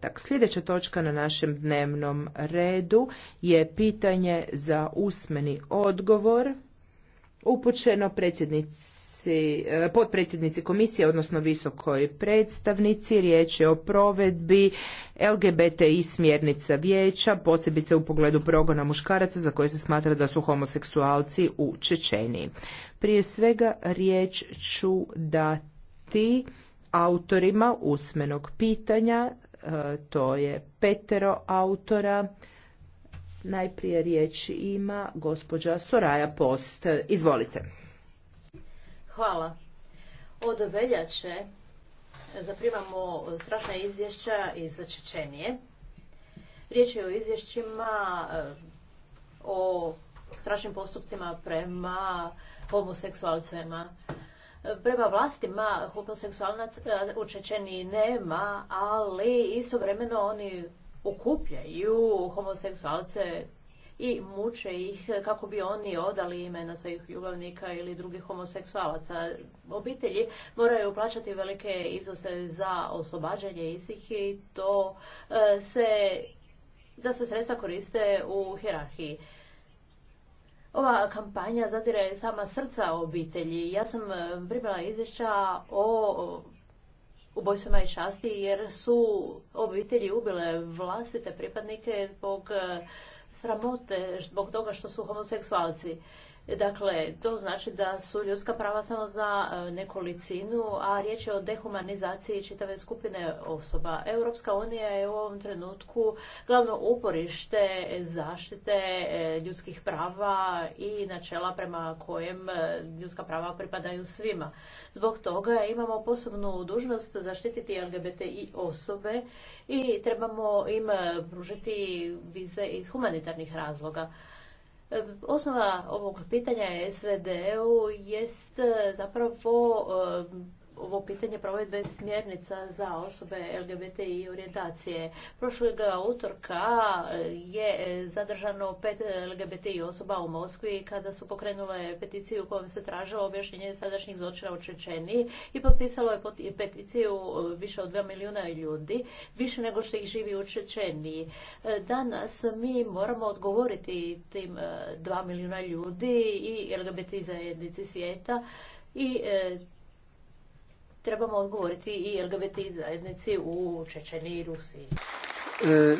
četvrtak. sljedeća točka na našem dnevnom redu je pitanje za usmeni odgovor upućeno predsjednici e, potpredsjednici komisije, odnosno visokoj predstavnici. Riječ je o provedbi LGBTI smjernica vijeća, posebice u pogledu progona muškaraca za koje se smatra da su homoseksualci u Čečeniji. Prije svega riječ ću dati autorima usmenog pitanja E, to je petero autora. Najprije riječ ima gospođa Soraja Post. Izvolite. Hvala. Od veljače zaprimamo strašna izvješća iz Čečenije. Riječ je o izvješćima e, o strašnim postupcima prema homoseksualcima prema vlastima homoseksualnac e, u nema, ali istovremeno oni okupljaju homoseksualce i muče ih kako bi oni odali imena svojih ljubavnika ili drugih homoseksualaca. Obitelji moraju plaćati velike iznose za oslobađanje istih i to e, se da se sredstva koriste u hierarhiji. Ova kampanja zadire sama srca obitelji. Ja sam e, primila izvješća o ubojstvima i šasti jer su obitelji ubile vlastite pripadnike zbog e, sramote, zbog toga što su homoseksualci. Dakle, to znači da su ljudska prava samo za e, nekolicinu, a riječ je o dehumanizaciji čitave skupine osoba. Europska unija je u ovom trenutku glavno uporište zaštite e, ljudskih prava i načela prema kojem e, ljudska prava pripadaju svima. Zbog toga imamo posebnu dužnost zaštititi i osobe i trebamo im pružiti vize iz humanitarnih razloga. Osnova ovog pitanja SVD-u jest e, zapravo e, ovo pitanje provedbe smjernica za osobe LGBT i orijentacije. Prošlog utorka je e, zadržano pet LGBT osoba u Moskvi kada su pokrenule peticiju u kojoj se tražilo objašnjenje sadašnjih zločina u Čečeniji i potpisalo je peticiju e, više od dva milijuna ljudi, više nego što ih živi u Čečeniji. E, danas mi moramo odgovoriti tim dva milijuna ljudi i LGBT zajednici svijeta i trebamo odgovoriti i LGBT zajednici u Čečeni i Rusiji. E,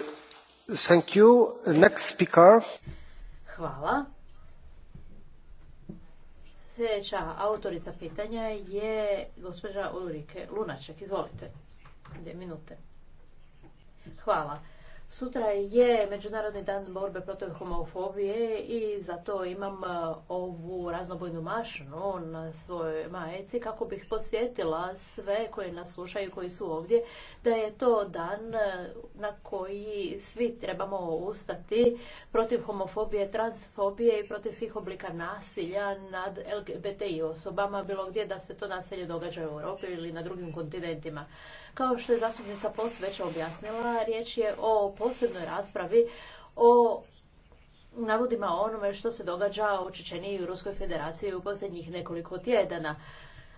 Hvala. Sljedeća autorica pitanja je gospođa Ulrike Lunaček. Izvolite. Dvije minute. Hvala. Sutra je Međunarodni dan borbe protiv homofobije i zato imam e, ovu raznobojnu mašnu na svojoj majici kako bih posjetila sve koji nas slušaju, koji su ovdje, da je to dan e, na koji svi trebamo ustati protiv homofobije, transfobije i protiv svih oblika nasilja nad LGBTI osobama, bilo gdje da se to nasilje događa u Europi ili na drugim kontinentima. Kao što je zastupnica POS već objasnila, riječ je o posebnoj raspravi o navodima o onome što se događa u Čečeniji i u Ruskoj federaciji u posljednjih nekoliko tjedana.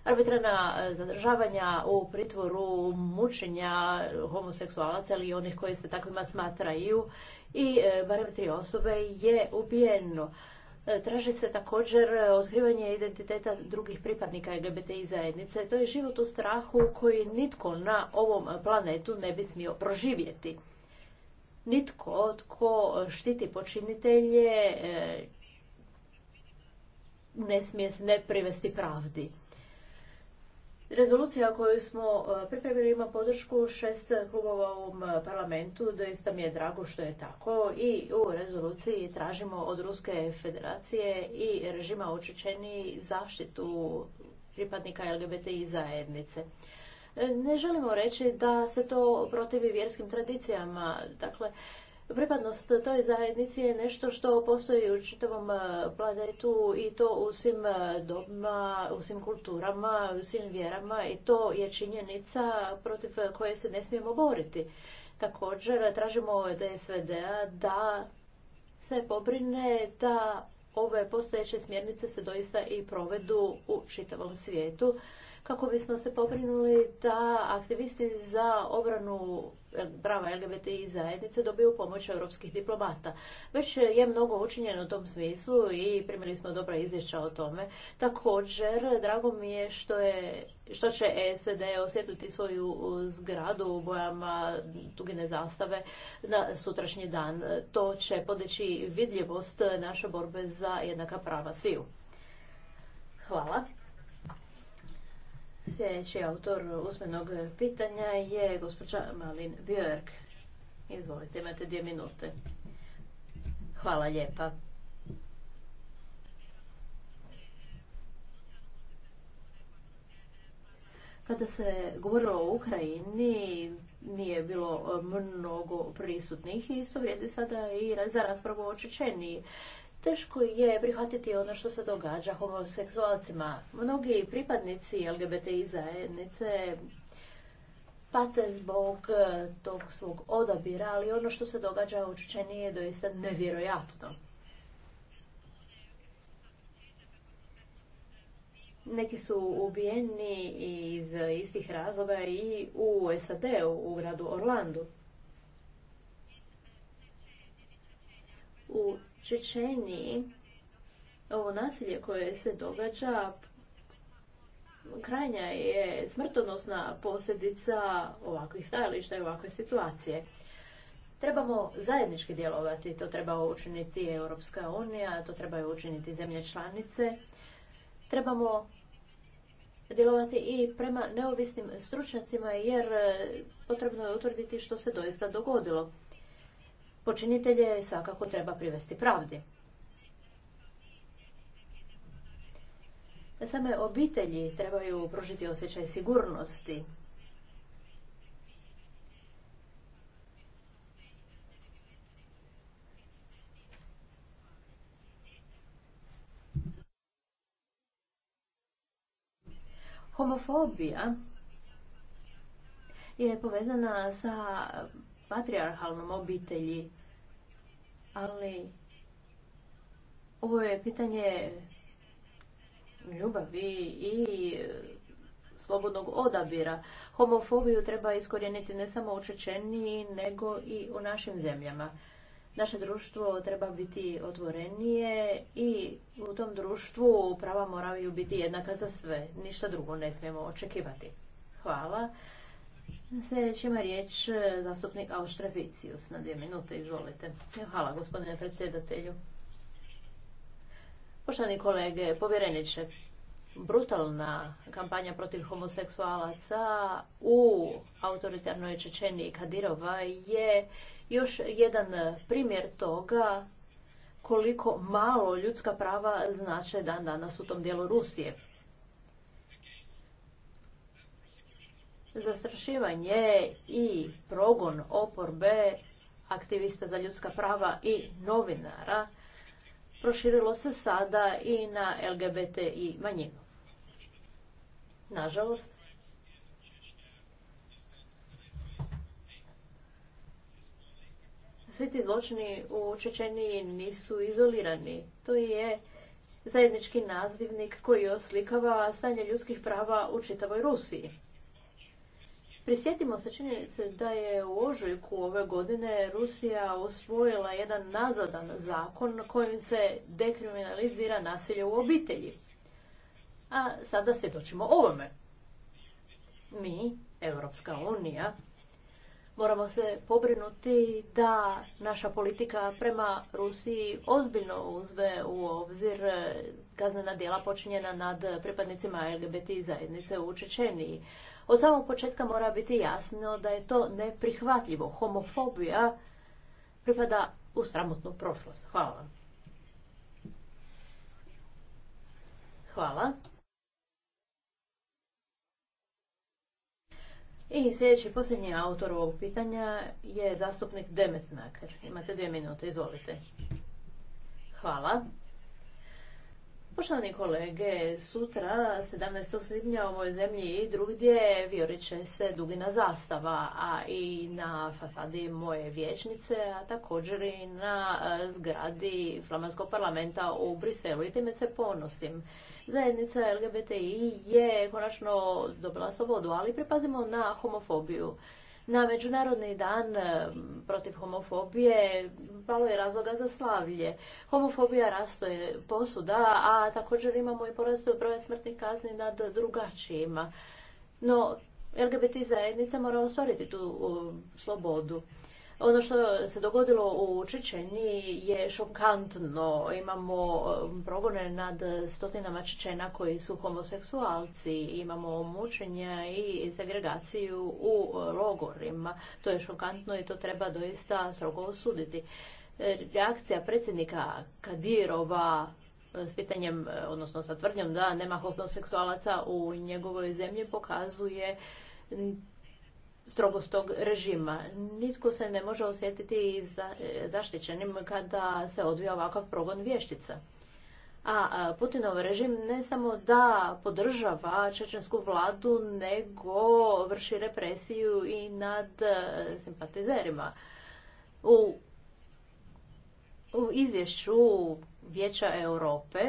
Arbitrana e, zadržavanja u pritvoru mučenja homoseksualaca ili onih koji se takvima smatraju i e, barem tri osobe je ubijeno. E, traži se također e, otkrivanje identiteta drugih pripadnika LGBTI zajednice. To je život u strahu koji nitko na ovom planetu ne bi smio proživjeti. Nitko tko štiti počinitelje e, ne smije ne privesti pravdi. Rezolucija koju smo e, pripremili ima podršku šest klubova u ovom e, parlamentu, doista mi je drago što je tako i u rezoluciji tražimo od Ruske federacije i režima u Čečeniji zaštitu pripadnika LGBTI zajednice. E, ne želimo reći da se to protivi vjerskim tradicijama, dakle Pripadnost toj zajednici je nešto što postoji u čitavom e, planetu i to u svim e, dobima, u svim kulturama, u svim vjerama i to je činjenica protiv koje se ne smijemo boriti. Također tražimo od SVD-a da se pobrine da ove postojeće smjernice se doista i provedu u čitavom svijetu kako bismo se pobrinuli da aktivisti za obranu E, prava LGBTI zajednice dobiju pomoć europskih diplomata. Već je mnogo učinjeno u tom smislu i primili smo dobra izvješća o tome. Također, drago mi je što je što će ESD osjetiti svoju zgradu u bojama tugine zastave na sutrašnji dan. To će podići vidljivost naše borbe za jednaka prava sviju. Hvala. Sljedeći autor usmenog pitanja je gospođa Malin Björk. Izvolite, imate dvije minute. Hvala lijepa. Kada se govorilo o Ukrajini, nije bilo mnogo prisutnih i isto vrijedi sada i za raspravu o Čečeniji. Teško je prihvatiti ono što se događa homoseksualcima. Mnogi pripadnici LGBTI zajednice pate zbog eh, tog svog odabira, ali ono što se događa u Čečeniji je doista nevjerojatno. Neki su ubijeni iz istih razloga i u SAD, u gradu Orlandu. U Čečeni, ovo nasilje koje se događa krajnja je smrtonosna posljedica ovakvih stajališta i ovakve situacije. Trebamo zajednički djelovati, to treba učiniti Europska unija, to treba učiniti zemlje članice. Trebamo djelovati i prema neovisnim stručnjacima jer potrebno je utvrditi što se doista dogodilo počinitelje svakako treba privesti pravdi. Same obitelji trebaju pružiti osjećaj sigurnosti. Homofobija je povezana sa patriarhalnom obitelji ali ovo je pitanje ljubavi i e, slobodnog odabira. Homofobiju treba iskorijeniti ne samo u Čečeniji, nego i u našim zemljama. Naše društvo treba biti otvorenije i u tom društvu prava moraju biti jednaka za sve. Ništa drugo ne smijemo očekivati. Hvala. Sljedeći ima riječ e, zastupnik Auštreficius na dvije minute, izvolite. E, hvala gospodine predsjedatelju. Poštovani kolege, povjereniče, brutalna kampanja protiv homoseksualaca u autoritarnoj Čečeniji Kadirova je još jedan primjer toga koliko malo ljudska prava znače dan danas u tom dijelu Rusije. zastrašivanje i progon oporbe, aktivista za ljudska prava i novinara proširilo se sada i na LGBT i manjinu. Nažalost, svi ti zločini u Čečeniji nisu izolirani. To je zajednički nazivnik koji oslikava stanje ljudskih prava u čitavoj Rusiji. Prisjetimo se činjenice da je u ožujku ove godine Rusija usvojila jedan nazadan zakon kojim se dekriminalizira nasilje u obitelji. A sada svjedočimo ovome. Mi, Europska unija, moramo se pobrinuti da naša politika prema Rusiji ozbiljno uzme u obzir eh, kaznena djela počinjena nad pripadnicima LGBT zajednice u Čečeniji. Od samog početka mora biti jasno da je to neprihvatljivo. Homofobija pripada u sramotnu prošlost. Hvala vam. Hvala. I sljedeći, posljednji autor ovog pitanja je zastupnik Demesmaker. Imate dvije minute, izvolite. Hvala. Poštovani kolege, sutra 17. svibnja u ovoj zemlji i drugdje vjerit će se dugina zastava, a i na fasadi moje vječnice, a također i na e, zgradi Flamanskog parlamenta u Briselu i time se ponosim. Zajednica LGBTI je konačno dobila slobodu, ali pripazimo na homofobiju. Na Međunarodni dan protiv homofobije palo je razloga za slavlje. Homofobija rastoje posuda, a također imamo i porast broja smrtnih kazni nad drugačijima. No, LGBT zajednica mora ostvariti tu slobodu. Ono što se dogodilo u Čečeni je šokantno. Imamo um, progone nad stotinama Čečena koji su homoseksualci, imamo mučenja i segregaciju u uh, logorima. To je šokantno i to treba doista strogo osuditi. E, reakcija predsjednika Kadirova e, s pitanjem, e, odnosno sa tvrdnjom da nema homoseksualaca u njegovoj zemlji pokazuje strogost tog režima. Nitko se ne može osjetiti e, zaštićenim kada se odvija ovakav progon vještica. A Putinov režim ne samo da podržava čečensku vladu, nego vrši represiju i nad e, simpatizerima. U, u izvješću Vijeća Europe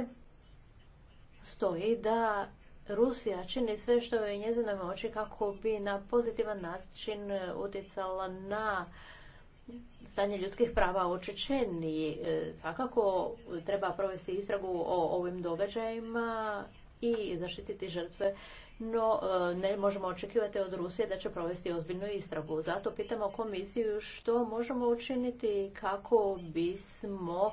stoji da Rusija čini sve što je u njezinoj moći kako bi na pozitivan način e, utjecala na stanje ljudskih prava u e, Svakako treba provesti istragu o ovim događajima i zaštititi žrtve, no e, ne možemo očekivati od Rusije da će provesti ozbiljnu istragu. Zato pitamo komisiju što možemo učiniti kako bismo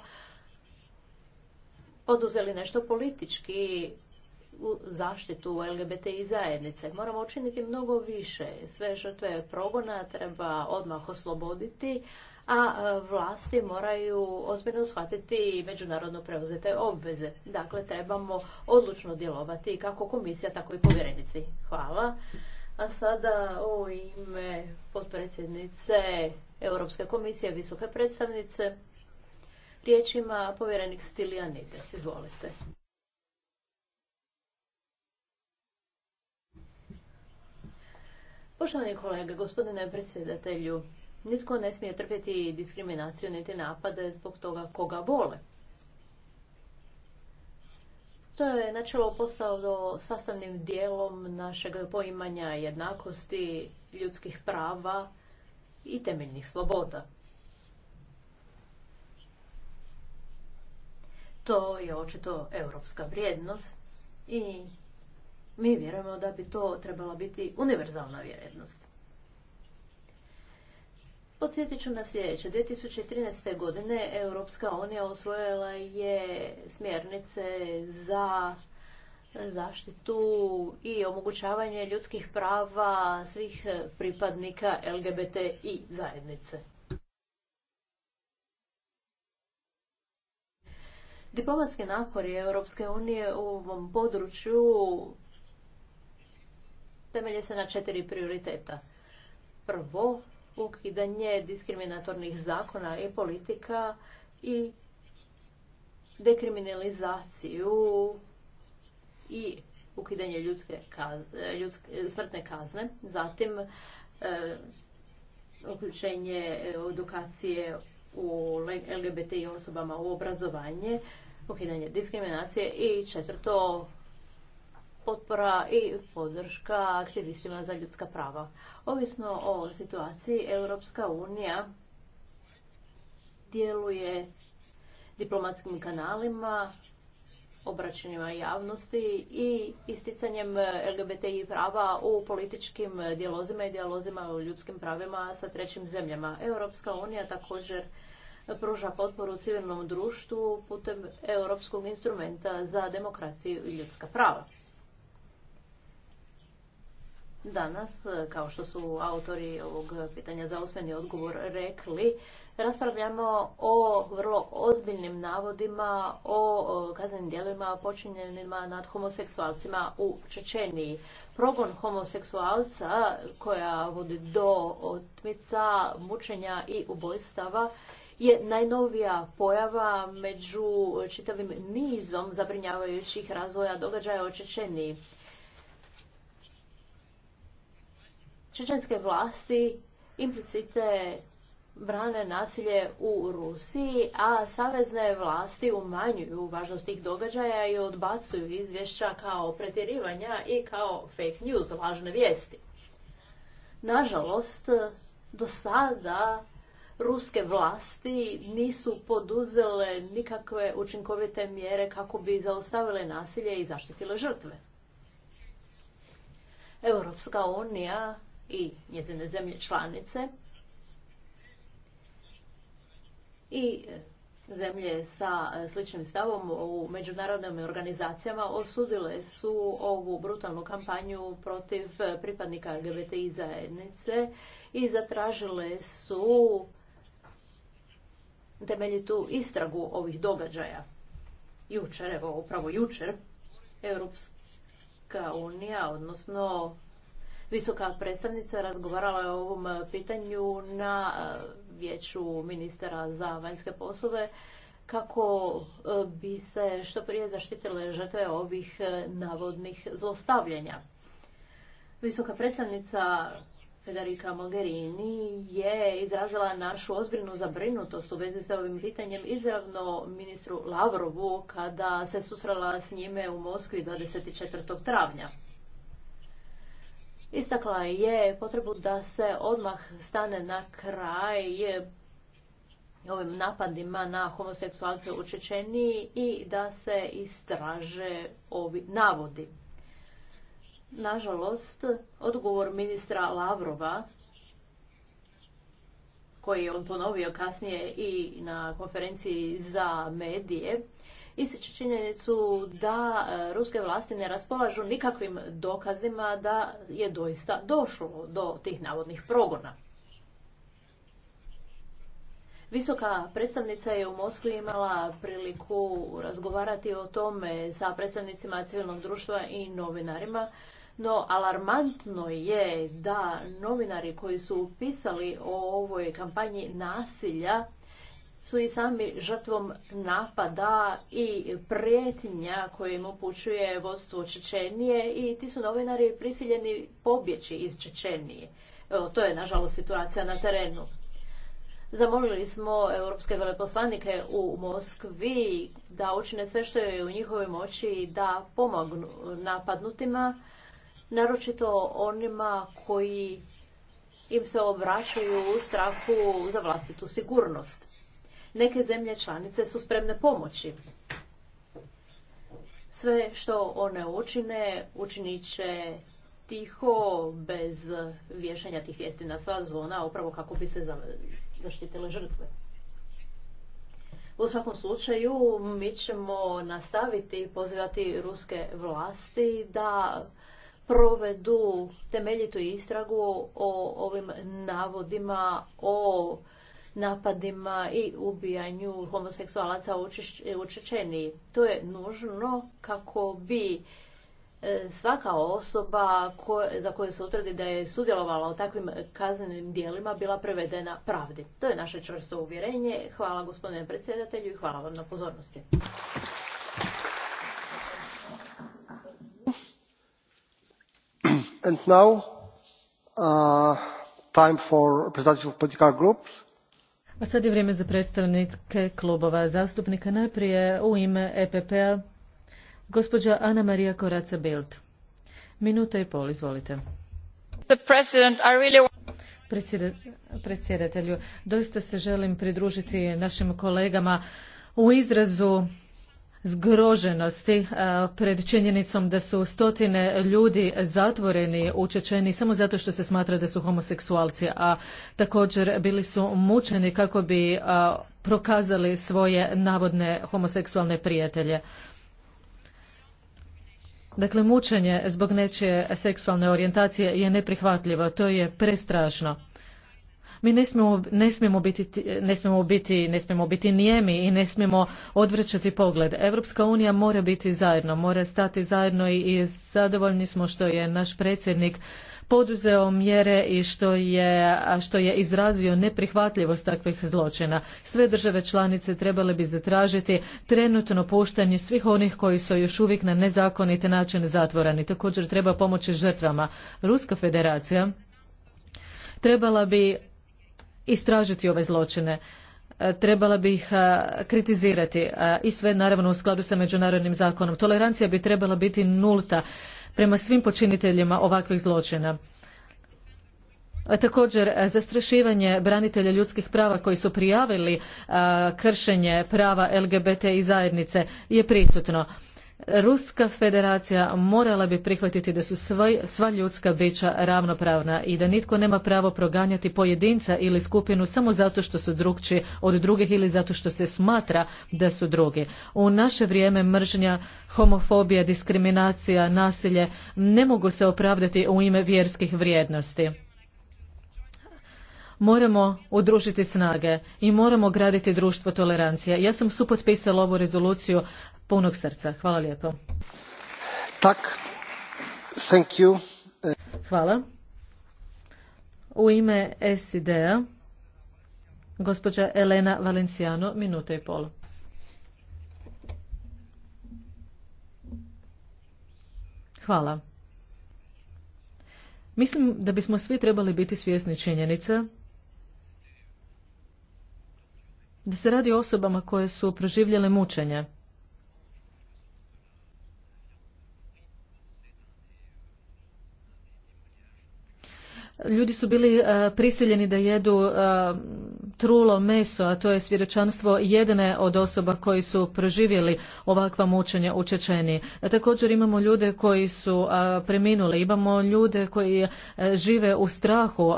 poduzeli nešto politički u zaštitu LGBTI zajednice. Moramo učiniti mnogo više. Sve žrtve progona treba odmah osloboditi, a e, vlasti moraju ozbiljno shvatiti međunarodno preuzete obveze. Dakle, trebamo odlučno djelovati kako komisija, tako i povjerenici. Hvala. A sada u ime potpredsjednice Europske komisije, visoke predstavnice, ima povjerenik Nides. Izvolite. Poštovani kolege, gospodine predsjedatelju, nitko ne smije trpjeti diskriminaciju niti napade zbog toga koga vole. To je načelo postalo sastavnim dijelom našeg poimanja jednakosti, ljudskih prava i temeljnih sloboda. To je očito europska vrijednost i mi vjerujemo da bi to trebala biti univerzalna vrijednost. Podsjetit ću na sljedeće. 2013. godine Europska unija osvojila je smjernice za zaštitu i omogućavanje ljudskih prava svih pripadnika LGBT i zajednice. Diplomatski napori Europske unije u ovom području temelje se na četiri prioriteta. Prvo, ukidanje diskriminatornih zakona i politika i dekriminalizaciju i ukidanje ljudske, kazne, smrtne kazne. Zatim, e, uključenje edukacije u i osobama u obrazovanje, ukidanje diskriminacije i četvrto, potpora i podrška aktivistima za ljudska prava. Ovisno o situaciji, Europska unija djeluje diplomatskim kanalima, obraćanjima javnosti i isticanjem LGBTI prava u političkim dijalozima i dijalozima o ljudskim pravima sa trećim zemljama. Europska unija također pruža potporu civilnom društvu putem Europskog instrumenta za demokraciju i ljudska prava danas, e, kao što su autori ovog pitanja za usmeni odgovor rekli, raspravljamo o vrlo ozbiljnim navodima o kaznenim djelima počinjenima nad homoseksualcima u Čečeniji. Progon homoseksualca koja vodi do otmica, mučenja i ubojstava je najnovija pojava među čitavim nizom zabrinjavajućih razvoja događaja u Čečeniji. čečenske vlasti implicite brane nasilje u Rusiji, a savezne vlasti umanjuju važnost tih događaja i odbacuju izvješća kao pretjerivanja i kao fake news, lažne vijesti. Nažalost, do sada ruske vlasti nisu poduzele nikakve učinkovite mjere kako bi zaustavile nasilje i zaštitile žrtve. Europska unija i njezine zemlje članice i e, zemlje sa e, sličnim stavom u međunarodnim organizacijama osudile su ovu brutalnu kampanju protiv e, pripadnika LGBTI zajednice i zatražile su temeljitu istragu ovih događaja. Jučer, evo upravo jučer, Europska unija, odnosno Visoka predstavnica razgovarala je o ovom e, pitanju na e, vijeću ministara za vanjske poslove kako e, bi se što prije zaštitile žrtve ovih navodnih zlostavljanja. Visoka predstavnica Federica Mogherini je izrazila našu ozbiljnu zabrinutost u vezi sa ovim pitanjem izravno ministru Lavrovu kada se susrela s njime u Moskvi 24. travnja. Istakla je potrebu da se odmah stane na kraj ovim napadima na homoseksualce u Čečeniji i da se istraže ovi navodi. Nažalost, odgovor ministra Lavrova, koji je on ponovio kasnije i na konferenciji za medije, ističe činjenicu da e, ruske vlasti ne raspolažu nikakvim dokazima da je doista došlo do tih navodnih progona. Visoka predstavnica je u Moskvi imala priliku razgovarati o tome sa predstavnicima civilnog društva i novinarima, no alarmantno je da novinari koji su pisali o ovoj kampanji nasilja su i sami žrtvom napada i prijetnja koje im upućuje vodstvo Čečenije i ti su novinari prisiljeni pobjeći iz Čečenije. Evo, to je nažalost situacija na terenu. Zamolili smo europske veleposlanike u Moskvi da učine sve što je u njihovoj moći da pomognu napadnutima, naročito onima koji im se obraćaju u strahu za vlastitu sigurnost. Neke zemlje članice su spremne pomoći. Sve što one učine, učinit će tiho, bez vješanja tih vijesti na sva zvona, upravo kako bi se zaštitile žrtve. U svakom slučaju mi ćemo nastaviti pozivati ruske vlasti da provedu temeljitu istragu o ovim navodima o napadima i ubijanju homoseksualaca u Čečeniji. To je nužno kako bi e, svaka osoba za koju se utvrdi da je sudjelovala u takvim kaznenim dijelima bila prevedena pravdi. To je naše čvrsto uvjerenje. Hvala gospodine predsjedatelju i hvala vam na pozornosti. And now, uh, time for a sad je vrijeme za predstavnike klubova zastupnika. Najprije u ime EPP-a gospođa Ana Marija Koraca Bild. Minuta i pol, izvolite. Predsjedatelju, doista se želim pridružiti našim kolegama u izrazu zgroženosti e, pred činjenicom da su stotine ljudi zatvoreni u Čečeni samo zato što se smatra da su homoseksualci, a također bili su mučeni kako bi e, prokazali svoje navodne homoseksualne prijatelje. Dakle, mučenje zbog nečije seksualne orijentacije je neprihvatljivo, to je prestrašno. Mi ne smijemo, biti, ne smijemo biti, ne smijemo biti nijemi i ne smijemo odvrćati pogled. Europska unija mora biti zajedno, mora stati zajedno i zadovoljni smo što je naš predsjednik poduzeo mjere i što je, što je izrazio neprihvatljivost takvih zločina. Sve države članice trebale bi zatražiti trenutno puštanje svih onih koji su još uvijek na nezakonit način zatvoreni. Također treba pomoći žrtvama. Ruska federacija trebala bi istražiti ove zločine e, trebala bi ih e, kritizirati e, i sve naravno u skladu sa međunarodnim zakonom. Tolerancija bi trebala biti nulta prema svim počiniteljima ovakvih zločina. također, zastrašivanje branitelja ljudskih prava koji su prijavili kršenje prava LGBT i zajednice je prisutno. Ruska federacija morala bi prihvatiti da su sva ljudska bića ravnopravna i da nitko nema pravo proganjati pojedinca ili skupinu samo zato što su drugčiji od drugih ili zato što se smatra da su drugi. U naše vrijeme mržnja, homofobija, diskriminacija, nasilje ne mogu se opravdati u ime vjerskih vrijednosti. Moramo udružiti snage i moramo graditi društvo tolerancije. Ja sam supotpisala ovu rezoluciju punog srca. Hvala lijepo. Tak. Thank you. Hvala. U ime SID-a, gospođa Elena Valenciano, minuta i pol. Hvala. Mislim da bismo svi trebali biti svjesni činjenica da se radi o osobama koje su proživljale mučenje. Ljudi su bili eh, prisiljeni da jedu eh, trulo meso, a to je svjedočanstvo jedne od osoba koji su proživjeli ovakva mučenja u Čečeniji. E, također imamo ljude koji su preminuli, imamo ljude koji e, žive u strahu,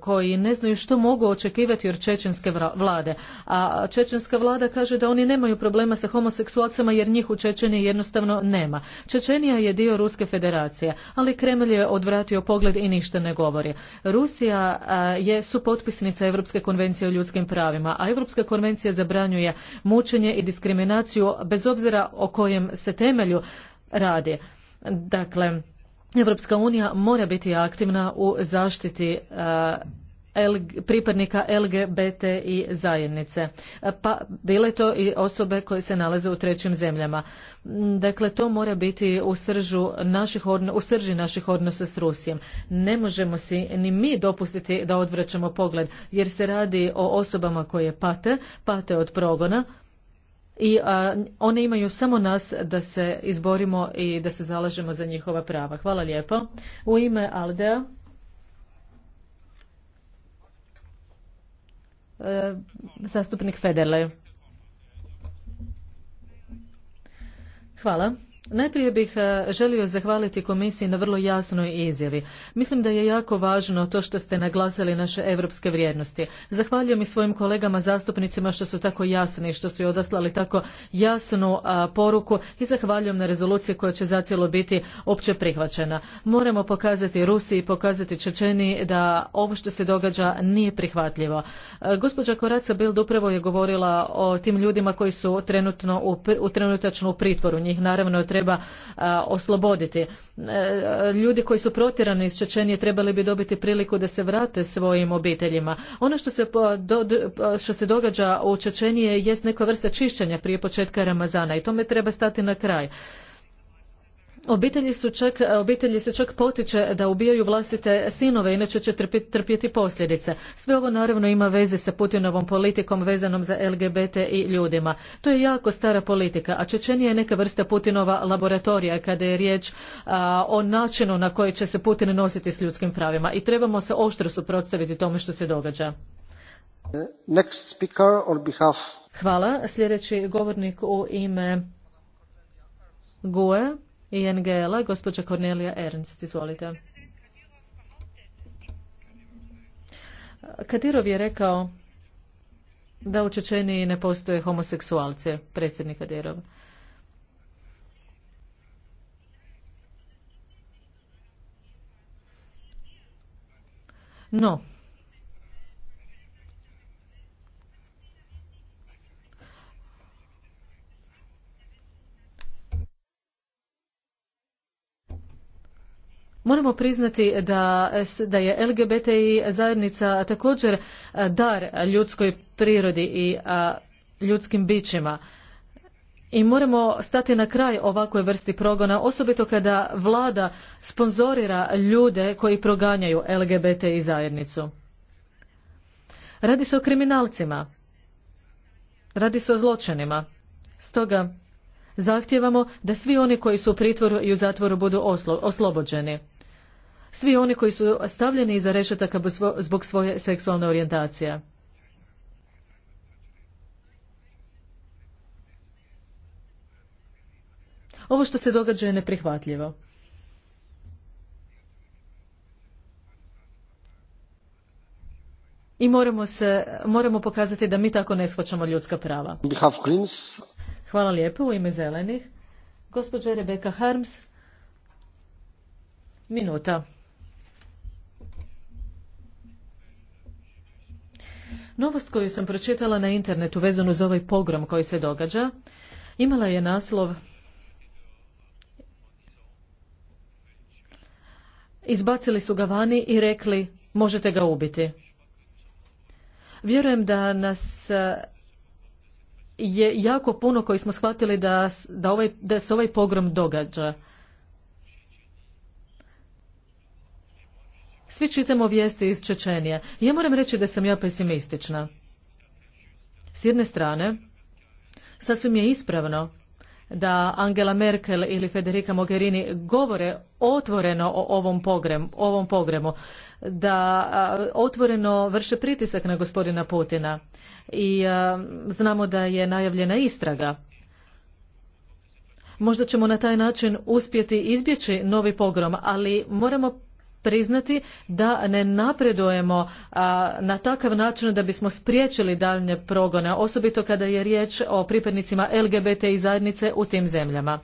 koji ne znaju što mogu očekivati od čečenske vlade. A čečenska vlada kaže da oni nemaju problema sa homoseksualcama jer njih u Čečeniji jednostavno nema. Čečenija je dio Ruske federacije, ali Kremlj je odvratio pogled i ništa ne govori. Rusija je supotpisnica Europske konvencije o ljudskim pravima, a Europska konvencija zabranjuje mučenje i diskriminaciju bez obzira o kojem se temelju radi. Dakle, Europska unija mora biti aktivna u zaštiti e, pripadnika LGBT i zajednice, e, pa bile to i osobe koje se nalaze u trećim zemljama. Mm, dakle, to mora biti u, sržu naših u srži naših odnosa s Rusijom. Ne možemo si ni mi dopustiti da odvraćamo pogled, jer se radi o osobama koje pate, pate od progona, i a, one imaju samo nas da se izborimo i da se zalažemo za njihova prava. Hvala lijepo. U ime Aldea E, zastupnik Federle. Hvala. Najprije bih e, želio zahvaliti komisiji na vrlo jasnoj izjavi. Mislim da je jako važno to što ste naglasili naše europske vrijednosti. Zahvaljujem i svojim kolegama zastupnicima što su tako jasni, što su odaslali tako jasnu poruku i zahvaljujem na rezoluciji koja će zacijelo biti opće prihvaćena. Moramo pokazati Rusiji, pokazati Čečeniji da ovo što se događa nije prihvatljivo. E, gospođa Koraca Bild upravo je govorila o tim ljudima koji su trenutno u, u trenutačno pritvoru. Njih naravno treba e, osloboditi. E, ljudi koji su protjerani iz Čečenije trebali bi dobiti priliku da se vrate svojim obiteljima. Ono što se, što se događa u Čečenije jest neka vrsta čišćenja prije početka Ramazana i tome treba stati na kraj. Obitelji, su čak, e, obitelji se čak potiče da ubijaju vlastite sinove, inače će trpjeti posljedice. Sve ovo naravno ima veze sa Putinovom politikom vezanom za LGBT i ljudima. To je jako stara politika, a Čečenija je neka vrsta Putinova laboratorija kada je riječ o načinu na koji će se Putin nositi s ljudskim pravima i trebamo se oštro suprotstaviti tome što se događa. Hvala. Sljedeći govornik u ime GUE i NGL-a, gospođa Kornelija Ernst. Izvolite. Kadirov je rekao da u Čečeniji ne postoje homoseksualce, predsjednik Kadirov. No, Moramo priznati da, da je LGBTI zajednica također e, dar ljudskoj prirodi i ljudskim bićima. I moramo stati na kraj ovakvoj vrsti progona, osobito kada vlada sponzorira ljude koji proganjaju i zajednicu. Radi se o kriminalcima. Radi se o zločinima. Stoga zahtijevamo da svi oni koji su u pritvoru i u zatvoru budu oslobođeni svi oni koji su stavljeni iza rešetaka zbog svoje seksualne orijentacije. Ovo što se događa je neprihvatljivo. I moramo, se, moramo pokazati da mi tako ne shvaćamo ljudska prava. Hvala lijepo u ime zelenih. Gospođa Rebeka Harms, minuta. Novost koju sam pročitala na internetu vezano za ovaj pogrom koji se događa imala je naslov Izbacili su ga vani i rekli možete ga ubiti. Vjerujem da nas e, je jako puno koji smo shvatili da, ovaj, da se ovaj pogrom događa. Svi čitamo vijesti iz Čečenije. Ja moram reći da sam ja pesimistična. S jedne strane, sasvim je ispravno da Angela Merkel ili Federica Mogherini govore otvoreno o ovom, ovom pogremu, da otvoreno vrše pritisak na gospodina Putina i znamo da je najavljena istraga. Možda ćemo na taj način uspjeti izbjeći novi pogrom, ali moramo priznati da ne napredujemo na takav način da bismo spriječili daljnje progone, osobito kada je riječ o pripadnicima LGBT i zajednice u tim zemljama.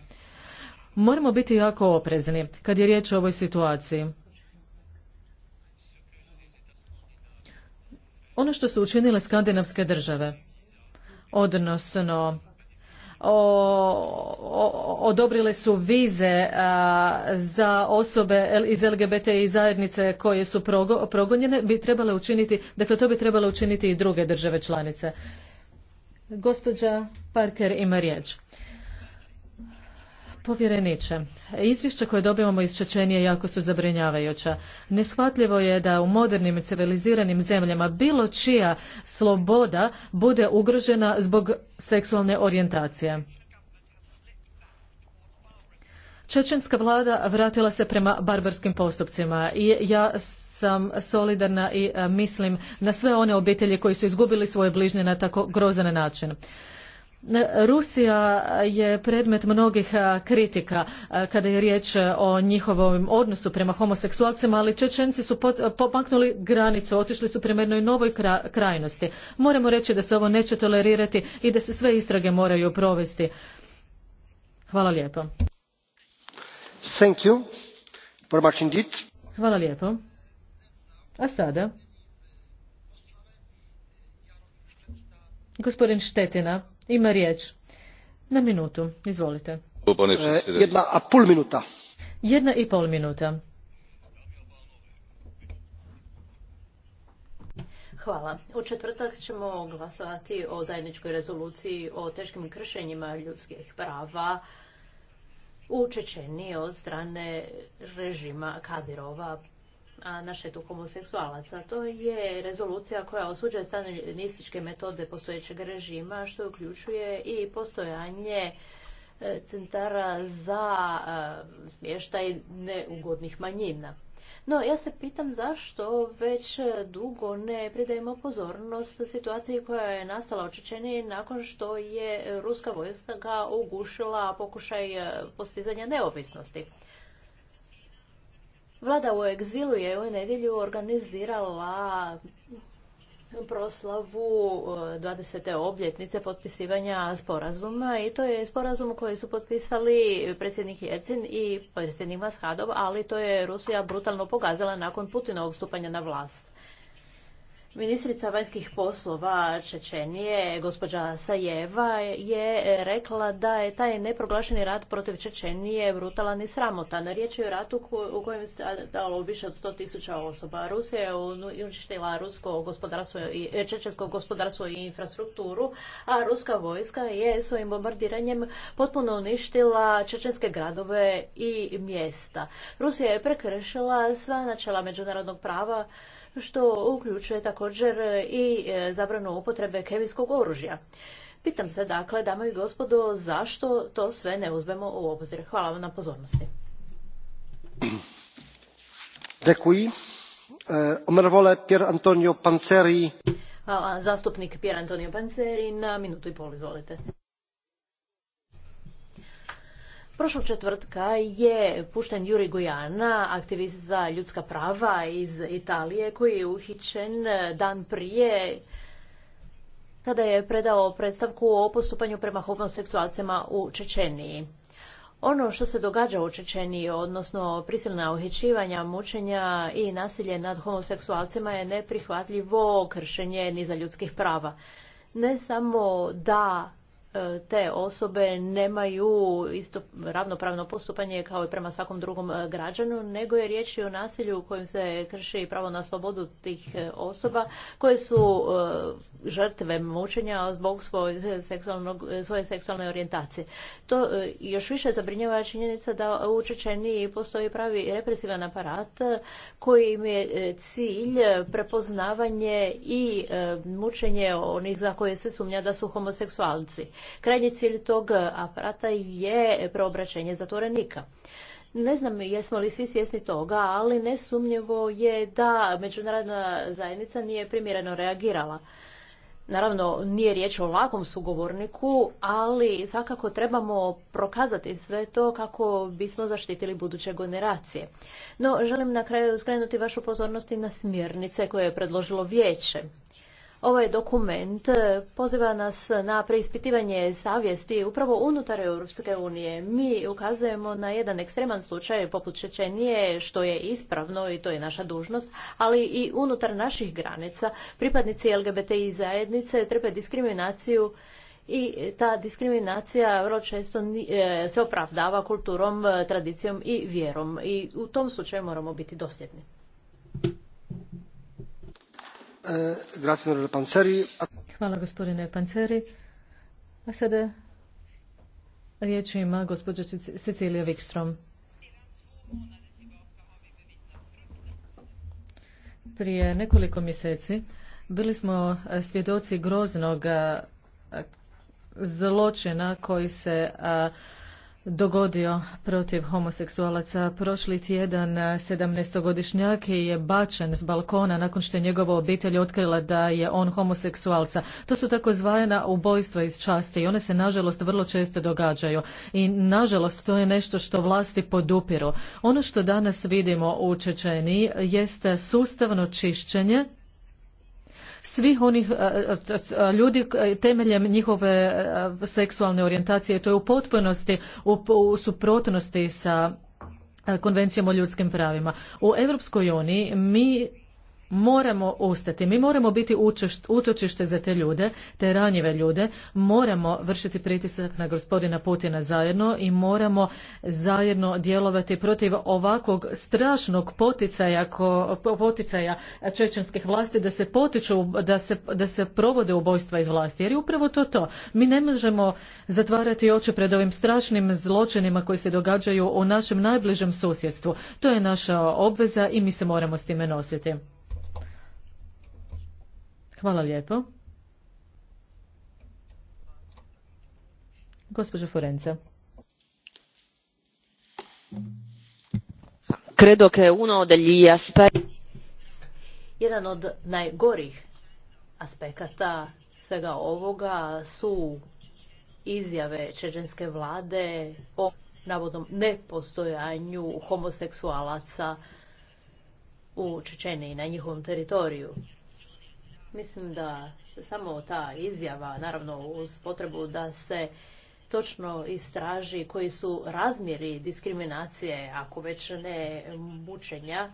Moramo biti jako oprezni kad je riječ o ovoj situaciji. Ono što su učinile skandinavske države, odnosno odobrile su vize za osobe iz i zajednice koje su progonjene bi trebale učiniti, dakle to bi trebale učiniti i druge države članice. Gospođa Parker ima riječ. Povjereniče, izvješća koje dobivamo iz Čečenije jako su zabrinjavajuća. Neshvatljivo je da u modernim civiliziranim zemljama bilo čija sloboda bude ugrožena zbog seksualne orijentacije. Čečenska vlada vratila se prema barbarskim postupcima i ja sam solidarna i e, mislim na sve one obitelji koji su izgubili svoje bližnje na tako grozan način. Rusija je predmet mnogih kritika kada je riječ o njihovom odnosu prema homoseksualcima, ali Čečenci su pomaknuli granicu, otišli su prema jednoj novoj krajnosti. Moramo reći da se ovo neće tolerirati i da se sve istrage moraju provesti. Hvala lijepo. Thank you Hvala lijepo. A sada? Gospodin Štetina ima riječ. Na minutu, izvolite. E, jedna a pol minuta. Jedna i pol minuta. Hvala. U četvrtak ćemo glasovati o zajedničkoj rezoluciji o teškim kršenjima ljudskih prava u Čečeniji od strane režima Kadirova a na štetu homoseksualaca. To je rezolucija koja osuđuje stanonističke metode postojećeg režima, što uključuje i postojanje e, centara za e, smještaj neugodnih manjina. No, ja se pitam zašto već dugo ne pridajemo pozornost situaciji koja je nastala u Čečeniji nakon što je ruska vojska ga ugušila pokušaj e, postizanja neovisnosti. Vlada u egzilu je u nedjelju organizirala proslavu 20. E, obljetnice potpisivanja sporazuma i to je sporazum koji su potpisali predsjednik Jecin i predsjednik Vashadov, ali to je Rusija brutalno pogazila nakon Putinovog stupanja na vlast. Ministrica vanjskih poslova Čečenije, gospođa Sajeva, je rekla da je taj neproglašeni rat protiv Čečenije brutalan i sramotan. Riječ je o ratu u kojem je dalo više od 100 tisuća osoba. Rusija je uništila rusko gospodarstvo, e, čečensko gospodarstvo i infrastrukturu, a ruska vojska je svojim bombardiranjem potpuno uništila čečenske gradove i mjesta. Rusija je prekršila sva načela međunarodnog prava što uključuje također i e, zabranu upotrebe kemijskog oružja. Pitam se dakle, dame i gospodo, zašto to sve ne uzmemo u obzir? Hvala vam na pozornosti. Dekuji. E, Omervole Pier Antonio Panceri. Zastupnik Pier Antonio Panceri na minutu i pol, izvolite. Prošlog četvrtka je pušten Juri Gujana, aktivist za ljudska prava iz Italije, koji je uhićen dan prije kada je predao predstavku o postupanju prema homoseksualcima u Čečeniji. Ono što se događa u Čečeniji, odnosno prisilna uhićivanja, mučenja i nasilje nad homoseksualcima je neprihvatljivo kršenje niza ljudskih prava. Ne samo da te osobe nemaju isto ravnopravno postupanje kao i prema svakom drugom e, građanu, nego je riječ i o nasilju u kojem se krši pravo na slobodu tih e, osoba koje su e, žrtve mučenja zbog svoje seksualne orijentacije. To još više zabrinjava činjenica da u Čečeniji postoji pravi represivan aparat koji im je cilj prepoznavanje i mučenje onih za koje se sumnja da su homoseksualci. Krajnji cilj tog aparata je preobraćenje zatvorenika. Ne znam jesmo li svi svjesni toga, ali nesumnjivo je da međunarodna zajednica nije primjereno reagirala. Naravno, nije riječ o lakom sugovorniku, ali svakako trebamo prokazati sve to kako bismo zaštitili buduće generacije. No, želim na kraju skrenuti vašu pozornost i na smjernice koje je predložilo vijeće. Ovaj dokument e, poziva nas na preispitivanje savjesti upravo unutar Europske unije. Mi ukazujemo na jedan ekstreman slučaj poput Čečenije, što je ispravno i to je naša dužnost, ali i unutar naših granica pripadnici LGBTI zajednice trpe diskriminaciju i ta diskriminacija vrlo često e, se opravdava kulturom, tradicijom i vjerom i u tom slučaju moramo biti dosljedni. Hvala gospodine Panceri. A sada riječ ima gospođa Cecilija Wikstrom. Prije nekoliko mjeseci bili smo svjedoci groznog zločina koji se dogodio protiv homoseksualaca. Prošli tjedan 17-godišnjak eh, je bačen s balkona nakon što je njegova obitelj otkrila da je on homoseksualca. To su takozvana ubojstva iz časti i one se nažalost vrlo često događaju. I nažalost to je nešto što vlasti podupiru. Ono što danas vidimo u Čečeniji jeste sustavno čišćenje svih onih e, e, e, ljudi temeljem njihove seksualne orijentacije. To je u potpunosti u suprotnosti sa konvencijom o ljudskim pravima. U Europskoj uniji mi moramo ustati. mi moramo biti utočište za te ljude, te ranjive ljude, moramo vršiti pritisak na gospodina Putina zajedno i moramo zajedno djelovati protiv ovakvog strašnog poticaja, ko, poticaja čečenskih vlasti da se potiču, da se, da se provode ubojstva iz vlasti. Jer je upravo to to. Mi ne možemo zatvarati oči pred ovim strašnim zločinima koji se događaju u našem najbližem susjedstvu. To je naša obveza i mi se moramo s time nositi. Hvala lijepo. Gospođa Forenca. Credo che uno degli aspetti jedan od najgorih aspekata svega ovoga su izjave čeđenske vlade o navodnom nepostojanju homoseksualaca u i na njihovom teritoriju. Mislim da samo ta izjava, naravno uz potrebu da se točno istraži koji su razmjeri diskriminacije, ako već ne mučenja,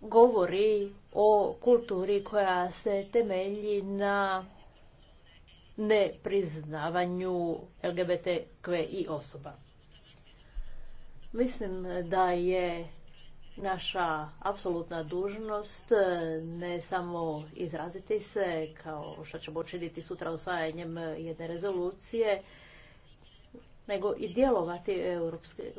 govori o kulturi koja se temelji na nepriznavanju LGBTQI osoba. Mislim da je naša apsolutna dužnost e, ne samo izraziti se kao što ćemo učiniti sutra osvajanjem jedne rezolucije, nego i djelovati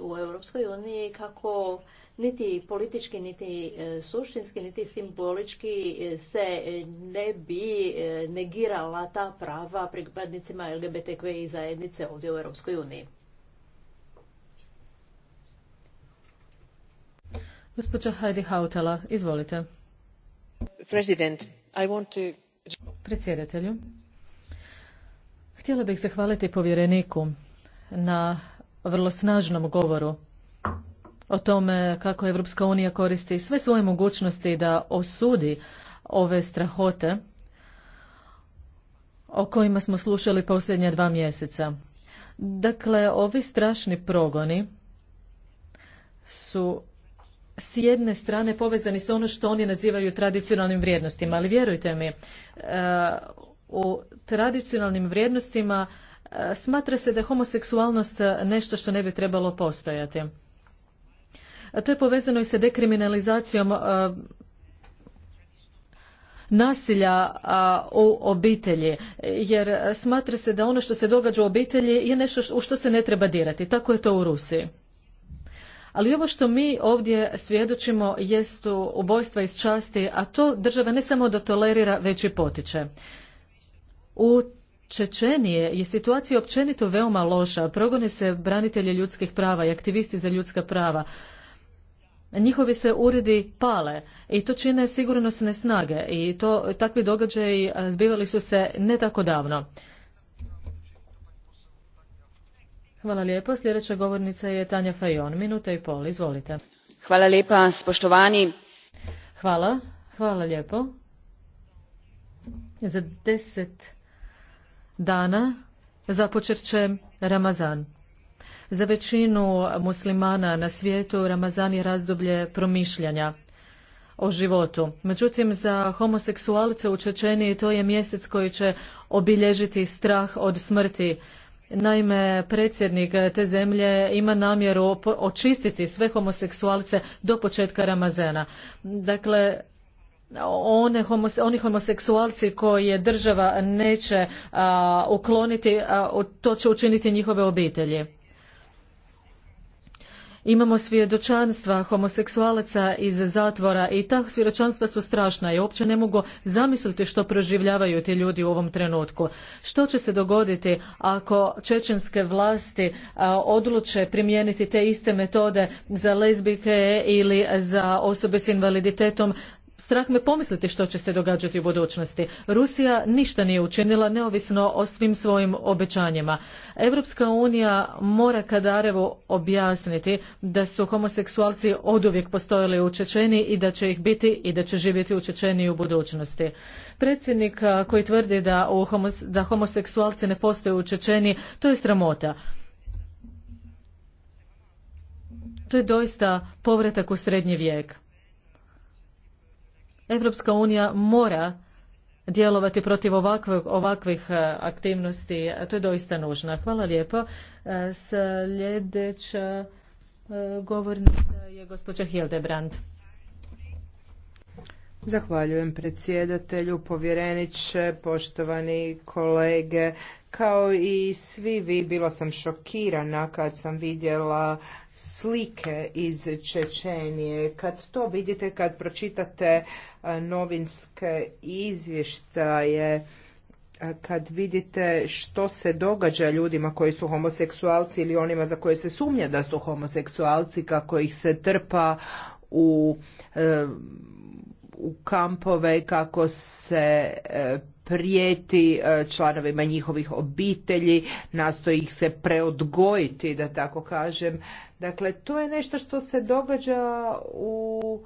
u Europskoj uniji kako niti politički, niti e, suštinski, niti simbolički e, se ne bi negirala ta prava pripadnicima LGBTQI zajednice ovdje u Europskoj uniji. Gospođa Heidi izvolite. Predsjedatelju, htjela bih zahvaliti povjereniku na vrlo snažnom govoru o tome kako Evropska unija koristi sve svoje mogućnosti da osudi ove strahote o kojima smo slušali posljednja dva mjeseca. Dakle, ovi strašni progoni su s jedne strane povezani su ono što oni nazivaju tradicionalnim vrijednostima, ali vjerujte mi, e, u tradicionalnim vrijednostima e, smatra se da je homoseksualnost nešto što ne bi trebalo postojati. To je povezano i sa dekriminalizacijom e, nasilja u obitelji, jer smatra se da ono što se događa u obitelji je nešto u što se ne treba dirati. Tako je to u Rusiji. Ali ovo što mi ovdje svjedočimo jestu ubojstva iz časti, a to država ne samo da tolerira, već i potiče. U Čečenije je situacija općenito veoma loša. Progone se branitelji ljudskih prava i aktivisti za ljudska prava. Njihovi se uredi pale i to čine sigurnosne snage i to takvi događaji zbivali su se ne tako davno. Hvala lijepo. Sljedeća govornica je Tanja Fajon. Minuta i pol. Izvolite. Hvala lijepa, spoštovani. Hvala. Hvala lijepo. Za deset dana započet će Ramazan. Za većinu muslimana na svijetu Ramazan je razdoblje promišljanja o životu. Međutim, za homoseksualce u Čečeniji to je mjesec koji će obilježiti strah od smrti, Naime, predsjednik te zemlje ima namjeru očistiti sve homoseksualce do početka Ramazena. Dakle, one homose, oni homoseksualci koje država neće ukloniti, to će učiniti njihove obitelji. Imamo svjedočanstva homoseksualaca iz zatvora i ta svjedočanstva su strašna i uopće ne mogu zamisliti što proživljavaju ti ljudi u ovom trenutku. Što će se dogoditi ako čečenske vlasti odluče primijeniti te iste metode za lezbike ili za osobe s invaliditetom strah me pomisliti što će se događati u budućnosti. Rusija ništa nije učinila neovisno o svim svojim obećanjima. Europska unija mora Kadarevu objasniti da su homoseksualci oduvijek postojali u Čečeni i da će ih biti i da će živjeti u Čečeni u budućnosti. Predsjednik koji tvrdi da, da homoseksualci ne postoje u Čečeni, to je sramota. To je doista povratak u srednji vijek. Europska unija mora djelovati protiv ovakvih, ovakvih e, aktivnosti. To je doista nužno. Hvala lijepo. E, sljedeća e, govornica je gospođa Hildebrand. Zahvaljujem predsjedatelju, povjereniče, poštovani kolege. Kao i svi vi, bila sam šokirana kad sam vidjela slike iz Čečenije. Kad to vidite, kad pročitate e, novinske izvještaje, e, kad vidite što se događa ljudima koji su homoseksualci ili onima za koje se sumnja da su homoseksualci, kako ih se trpa u, e, u kampove, kako se prijeti e, članovima njihovih obitelji, nastoji ih se preodgojiti, da tako kažem. Dakle, to je nešto što se događa u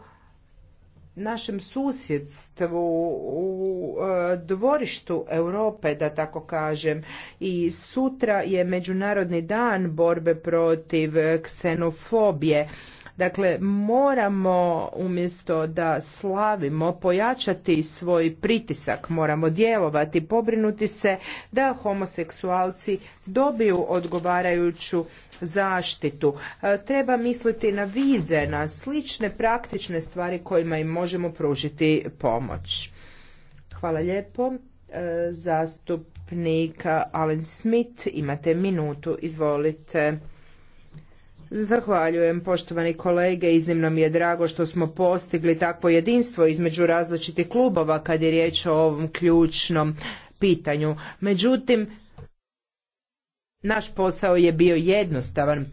našem susjedstvu, u e, dvorištu Europe, da tako kažem. I sutra je Međunarodni dan borbe protiv ksenofobije. Dakle, moramo umjesto da slavimo pojačati svoj pritisak, moramo djelovati, pobrinuti se da homoseksualci dobiju odgovarajuću zaštitu. E, treba misliti na vize, na slične praktične stvari kojima im možemo pružiti pomoć. Hvala lijepo. E, Zastupnik Alan Smith, imate minutu, izvolite. Zahvaljujem poštovani kolege, iznimno mi je drago što smo postigli takvo jedinstvo između različitih klubova kad je riječ o ovom ključnom pitanju. Međutim, naš posao je bio jednostavan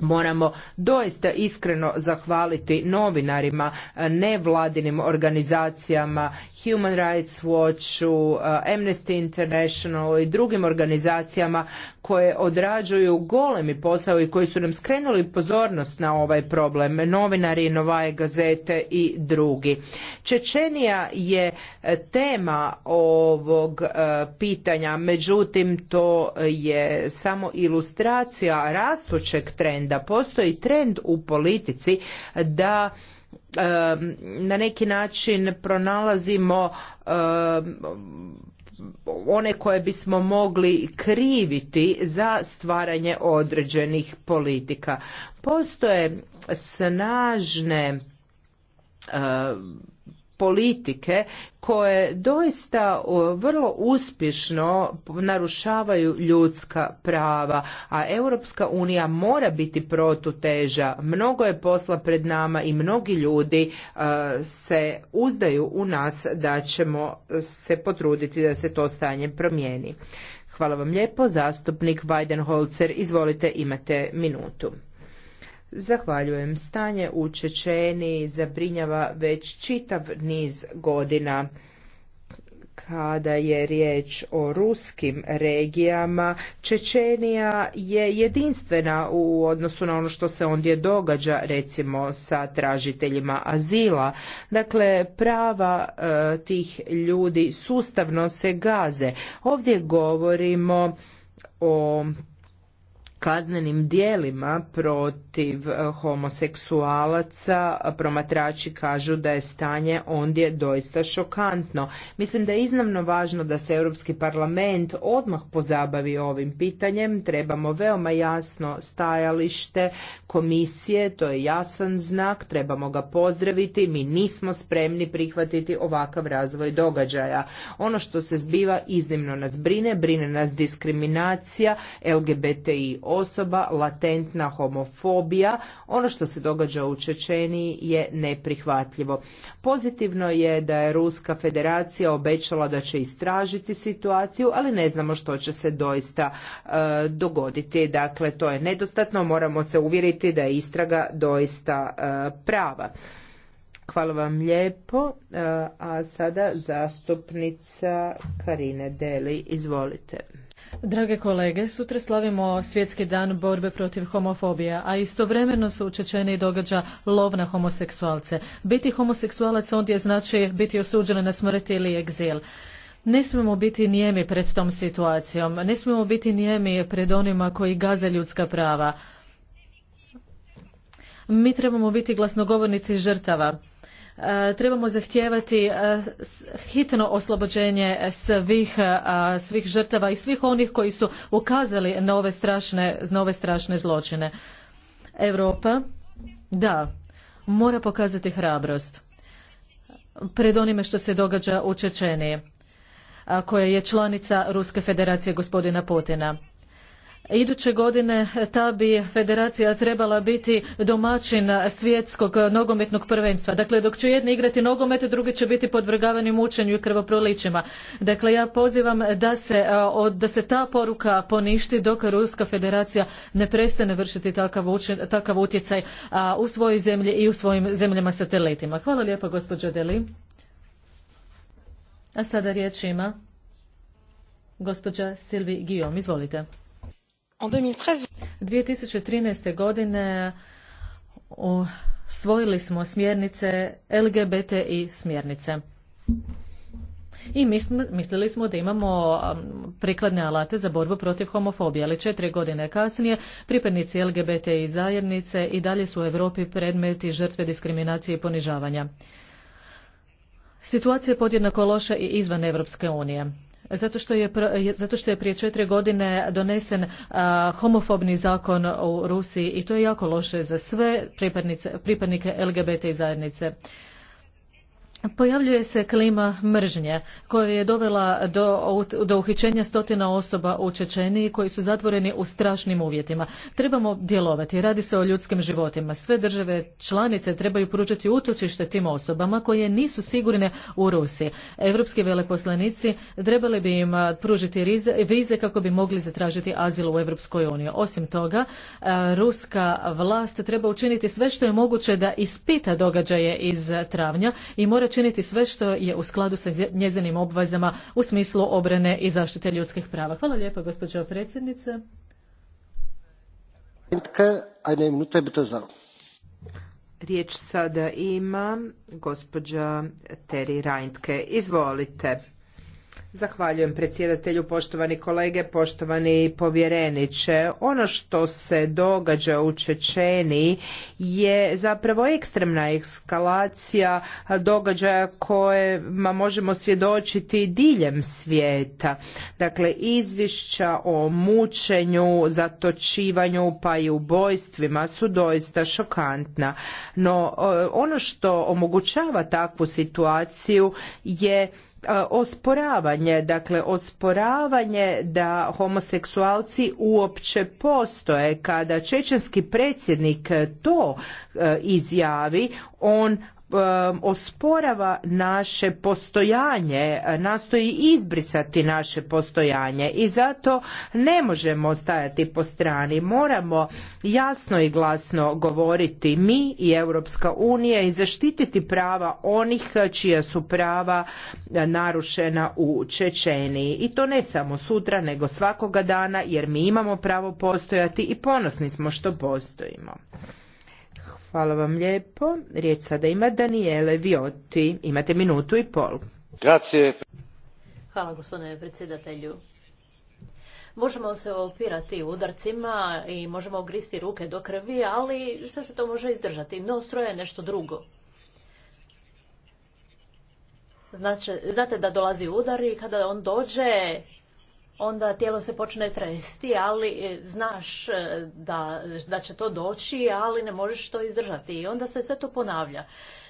Moramo doista iskreno zahvaliti novinarima, nevladinim organizacijama, Human Rights Watchu, eh, Amnesty International i drugim organizacijama koje odrađuju golemi posao i koji su nam skrenuli pozornost na ovaj problem. Novinari, Novaje Gazete i drugi. Čečenija je eh, tema ovog eh, pitanja, međutim to je samo ilustracija rastućeg trenda da postoji trend u politici da na neki način pronalazimo one koje bismo mogli kriviti za stvaranje određenih politika. Postoje snažne politike koje doista vrlo uspješno narušavaju ljudska prava, a Europska unija mora biti protuteža. Mnogo je posla pred nama i mnogi ljudi e, se uzdaju u nas da ćemo se potruditi da se to stanje promijeni. Hvala vam lijepo, zastupnik Weidenholzer, izvolite imate minutu. Zahvaljujem. Stanje u Čečeni zabrinjava već čitav niz godina. Kada je riječ o ruskim regijama, Čečenija je jedinstvena u odnosu na ono što se ondje događa, recimo sa tražiteljima azila. Dakle, prava e, tih ljudi sustavno se gaze. Ovdje govorimo o kaznenim dijelima protiv e, homoseksualaca promatrači kažu da je stanje ondje doista šokantno. Mislim da je iznimno važno da se Europski parlament odmah pozabavi ovim pitanjem. Trebamo veoma jasno stajalište komisije, to je jasan znak, trebamo ga pozdraviti. Mi nismo spremni prihvatiti ovakav razvoj događaja. Ono što se zbiva iznimno nas brine, brine nas diskriminacija LGBTI osoba, latentna homofobija. Ono što se događa u Čečeniji je neprihvatljivo. Pozitivno je da je Ruska federacija obećala da će istražiti situaciju, ali ne znamo što će se doista e, dogoditi. Dakle, to je nedostatno, moramo se uvjeriti da je istraga doista e, prava. Hvala vam lijepo. E, a sada zastupnica Karine Deli, izvolite. Drage kolege, sutra slavimo svjetski dan borbe protiv homofobije, a istovremeno se u Čečeni događa lov na homoseksualce. Biti homoseksualac ondje znači biti osuđen na smrt ili egzil. Ne smijemo biti nijemi pred tom situacijom, ne smijemo biti nijemi pred onima koji gaze ljudska prava. Mi trebamo biti glasnogovornici žrtava E, trebamo zahtijevati e, hitno oslobođenje svih, e, svih žrtava i svih onih koji su ukazali na ove strašne, zločine. Europa, da, mora pokazati hrabrost pred onime što se događa u Čečeniji, koja je članica Ruske federacije gospodina Putina. Iduće godine ta bi federacija trebala biti domaćin svjetskog nogometnog prvenstva. Dakle, dok će jedni igrati nogomet, drugi će biti podvrgavani mučenju i krvoprolićima. Dakle, ja pozivam da se, e, da se ta poruka poništi dok Ruska federacija ne prestane vršiti takav, utjecaj u svojoj zemlji i u svojim zemljama satelitima. Hvala lijepa, gospođo Deli. A sada riječ ima gospođa Silvi Guillaume, Izvolite. 2013. godine osvojili smo smjernice LGBT i smjernice. I mislili smo da imamo um, prikladne alate za borbu protiv homofobije, ali četiri godine kasnije pripadnici i zajednice i dalje su u Europi predmeti žrtve diskriminacije i ponižavanja. Situacija je podjednako loša i izvan Europske unije. Zato što je, zato što je prije četiri godine donesen homofobni zakon u Rusiji i to je jako loše za sve pripadnice, pripadnike LGBT zajednice. Pojavljuje se klima mržnje koja je dovela do, do uhićenja stotina osoba u Čečeniji koji su zatvoreni u strašnim uvjetima. Trebamo djelovati, radi se o ljudskim životima. Sve države članice trebaju pružiti utočište tim osobama koje nisu sigurne u Rusiji. Europski veleposlanici trebali bi im pružiti vize kako bi mogli zatražiti azil u Europskoj uniji. Osim toga, ruska vlast treba učiniti sve što je moguće da ispita događaje iz travnja i mora činiti sve što je u skladu sa njezinim obvezama u smislu obrane i zaštite ljudskih prava. Hvala lijepo, gospođo predsjednice. Riječ sada ima gospođa Teri Reintke. Izvolite. Zahvaljujem predsjedatelju, poštovani kolege, poštovani povjereniče. Ono što se događa u Čečeni je zapravo ekstremna ekskalacija događaja kojima možemo svjedočiti diljem svijeta. Dakle, izvješća o mučenju, zatočivanju pa i ubojstvima su doista šokantna. No, e, ono što omogućava takvu situaciju je osporavanje, dakle osporavanje da homoseksualci uopće postoje. Kada čečenski predsjednik to e, izjavi, on Um, osporava naše postojanje, nastoji izbrisati naše postojanje i zato ne možemo stajati po strani. Moramo jasno i glasno govoriti mi i Europska unija i zaštititi prava onih čija su prava narušena u Čečeniji. I to ne samo sutra, nego svakoga dana, jer mi imamo pravo postojati i ponosni smo što postojimo. Hvala vam lijepo. Riječ sada ima Daniele Vioti. Imate minutu i pol. Grazie. Hvala gospodine predsjedatelju. Možemo se opirati udarcima i možemo ogristi ruke do krvi, ali što se to može izdržati. No, stroje je nešto drugo. znate da dolazi udar i kada on dođe, onda tijelo se počne tresti, ali e, znaš e, da, da će to doći, ali ne možeš to izdržati. I onda se sve to ponavlja.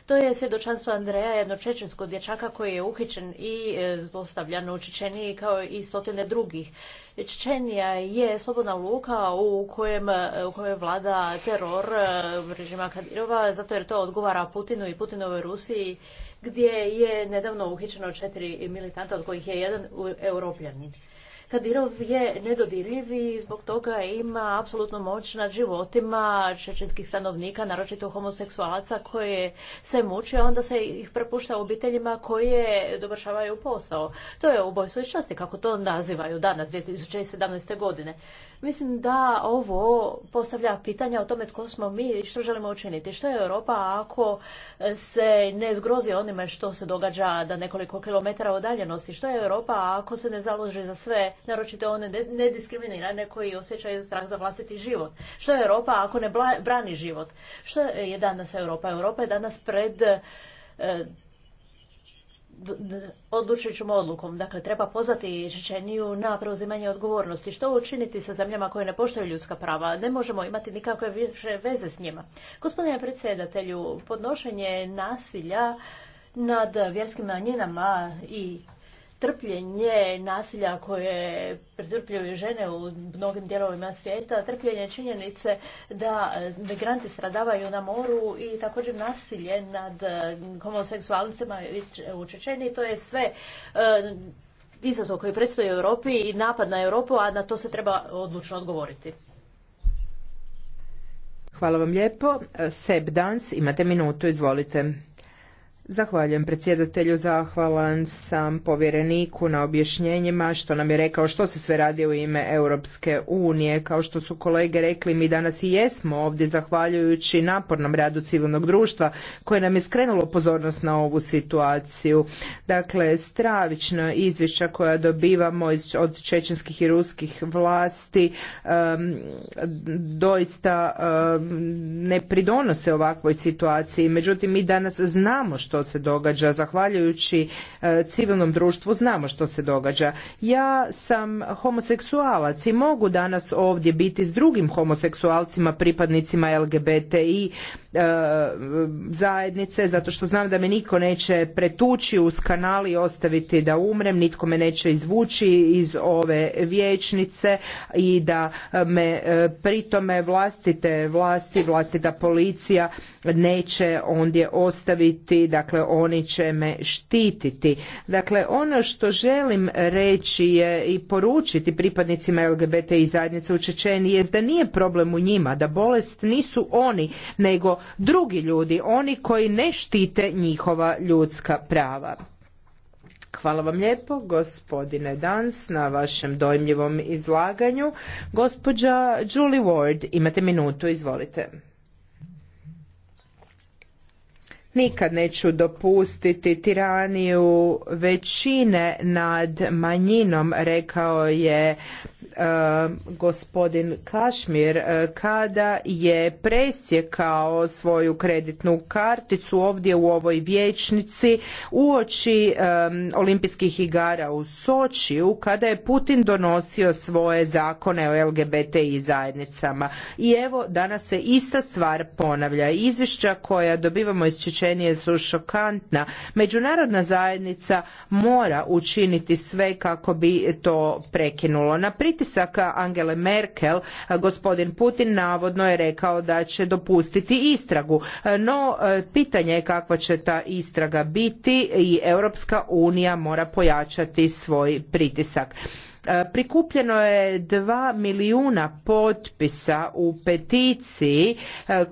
To je svjedočanstvo Andreja, jedno čečensko dječaka koji je uhićen i e, zlostavljan u Čečeniji kao i stotine drugih. Čečenija je slobodna luka u kojem, u kojoj vlada teror režima Kadirova, zato jer to odgovara Putinu i Putinovoj Rusiji, gdje je nedavno uhičeno četiri militanta, od kojih je jedan europljanin. Kadirov je nedodirljiv i zbog toga ima apsolutno moć nad životima čečenskih stanovnika, naročito homoseksualaca koje se muče, a onda se ih prepušta obiteljima koje dovršavaju posao. To je ubojstvo i časti, kako to nazivaju danas, 2017. godine. Mislim da ovo postavlja pitanja o tome tko smo mi i što želimo učiniti. Što je Europa ako se ne zgrozi onime što se događa da nekoliko kilometara odaljenosti? Što je Europa ako se ne založi za sve, naročito one nediskriminirane koji osjećaju strah za vlastiti život? Što je Europa ako ne brani život? Što je danas Europa? Europa je danas pred eh, odlučit ćemo odlukom. Dakle, treba pozvati Čečeniju na preuzimanje odgovornosti. Što učiniti sa zemljama koje ne poštuju ljudska prava? Ne možemo imati nikakve više veze s njima. Gospodine predsjedatelju, podnošenje nasilja nad vjerskim manjinama i trpljenje nasilja koje pretrpljuju žene u mnogim dijelovima svijeta, trpljenje činjenice da migranti stradavaju na moru i također nasilje nad eh, homoseksualnicima u Čečeni, to je sve eh, izazov koji predstoji Europi i napad na Europu, a na to se treba odlučno odgovoriti. Hvala vam lijepo. Eh, Seb Dans, imate minutu, izvolite. Zahvaljujem predsjedatelju, zahvalan sam povjereniku na objašnjenjima što nam je rekao što se sve radi u ime Europske unije. Kao što su kolege rekli, mi danas i jesmo ovdje zahvaljujući napornom radu civilnog društva koje nam je skrenulo pozornost na ovu situaciju. Dakle, stravično izvješća koja dobivamo od čečenskih i ruskih vlasti doista ne pridonose ovakvoj situaciji. Međutim, mi danas znamo što se događa. Zahvaljujući e, civilnom društvu znamo što se događa. Ja sam homoseksualac i mogu danas ovdje biti s drugim homoseksualcima, pripadnicima LGBTI e, zajednice, zato što znam da me niko neće pretući u kanali i ostaviti da umrem, nitko me neće izvući iz ove vječnice i da me e, pritome vlastite vlasti, vlastita policija neće ondje ostaviti da dakle, dakle oni će me štititi. Dakle, ono što želim reći je i poručiti pripadnicima LGBTI zajednice u Čečeni je da nije problem u njima, da bolest nisu oni, nego drugi ljudi, oni koji ne štite njihova ljudska prava. Hvala vam lijepo, gospodine Dans, na vašem dojmljivom izlaganju. Gospođa Julie Ward, imate minutu, izvolite nikad neću dopustiti tiraniju većine nad manjinom rekao je Ehm, gospodin Kašmir eh, kada je presjekao svoju kreditnu karticu ovdje u ovoj vječnici uoči ehm, olimpijskih igara u Sočiju kada je Putin donosio svoje zakone o LGBTI zajednicama. I evo danas se ista stvar ponavlja. Izvješća koja dobivamo iz Čečenije su šokantna. Međunarodna zajednica mora učiniti sve kako bi to prekinulo. Na pritis pritisak Angele Merkel, gospodin Putin navodno je rekao da će dopustiti istragu. No, pitanje je kakva će ta istraga biti i Europska unija mora pojačati svoj pritisak. E, prikupljeno je dva milijuna potpisa u peticiji e,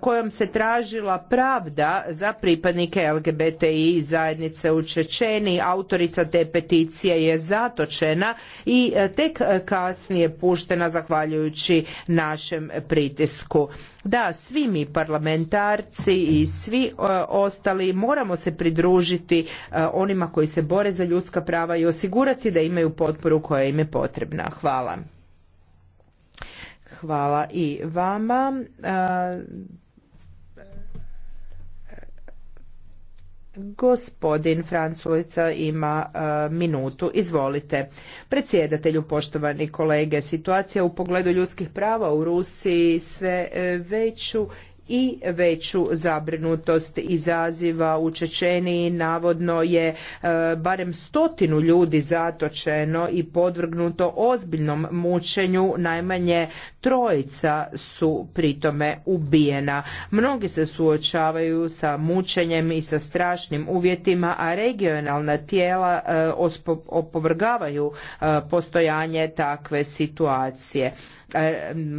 kojom se tražila pravda za pripadnike LGBTI zajednice u Čečeni. Autorica te peticije je zatočena i e, tek kasnije puštena zahvaljujući našem pritisku. Da, svi mi parlamentarci i svi e, ostali moramo se pridružiti e, onima koji se bore za ljudska prava i osigurati da imaju potporu koja im je potrebna. Hvala. Hvala i vama. E, Gospodin Franculica ima e, minutu. Izvolite. Predsjedatelju, poštovani kolege, situacija u pogledu ljudskih prava u Rusiji sve e, veću i veću zabrinutost izaziva u Čečeniji. Navodno je e, barem stotinu ljudi zatočeno i podvrgnuto ozbiljnom mučenju. Najmanje trojica su pritome ubijena. Mnogi se suočavaju sa mučenjem i sa strašnim uvjetima, a regionalna tijela e, opovrgavaju e, postojanje takve situacije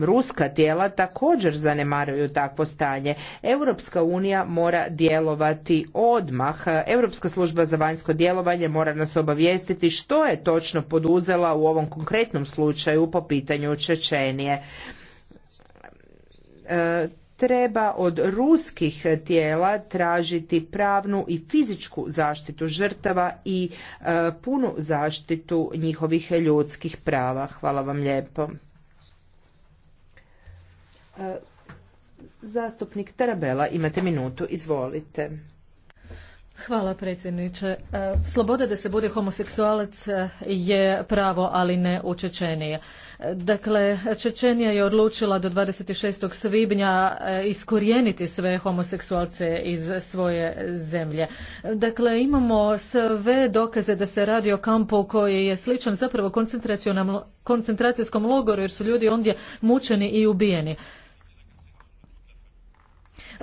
ruska tijela također zanemaruju takvo stanje. Europska unija mora djelovati odmah. Europska služba za vanjsko djelovanje mora nas obavijestiti što je točno poduzela u ovom konkretnom slučaju po pitanju Čečenije. E, treba od ruskih tijela tražiti pravnu i fizičku zaštitu žrtava i e, punu zaštitu njihovih ljudskih prava. Hvala vam lijepo. Zastupnik Tarabela, imate minutu, izvolite. Hvala predsjedniče. E, sloboda da se bude homoseksualac je pravo, ali ne u Čečeniji. Dakle, Čečenija je odlučila do 26. svibnja e, iskorijeniti sve homoseksualce iz svoje zemlje. Dakle, imamo sve dokaze da se radi o kampu koji je sličan zapravo koncentracijskom logoru jer su ljudi ondje mučeni i ubijeni.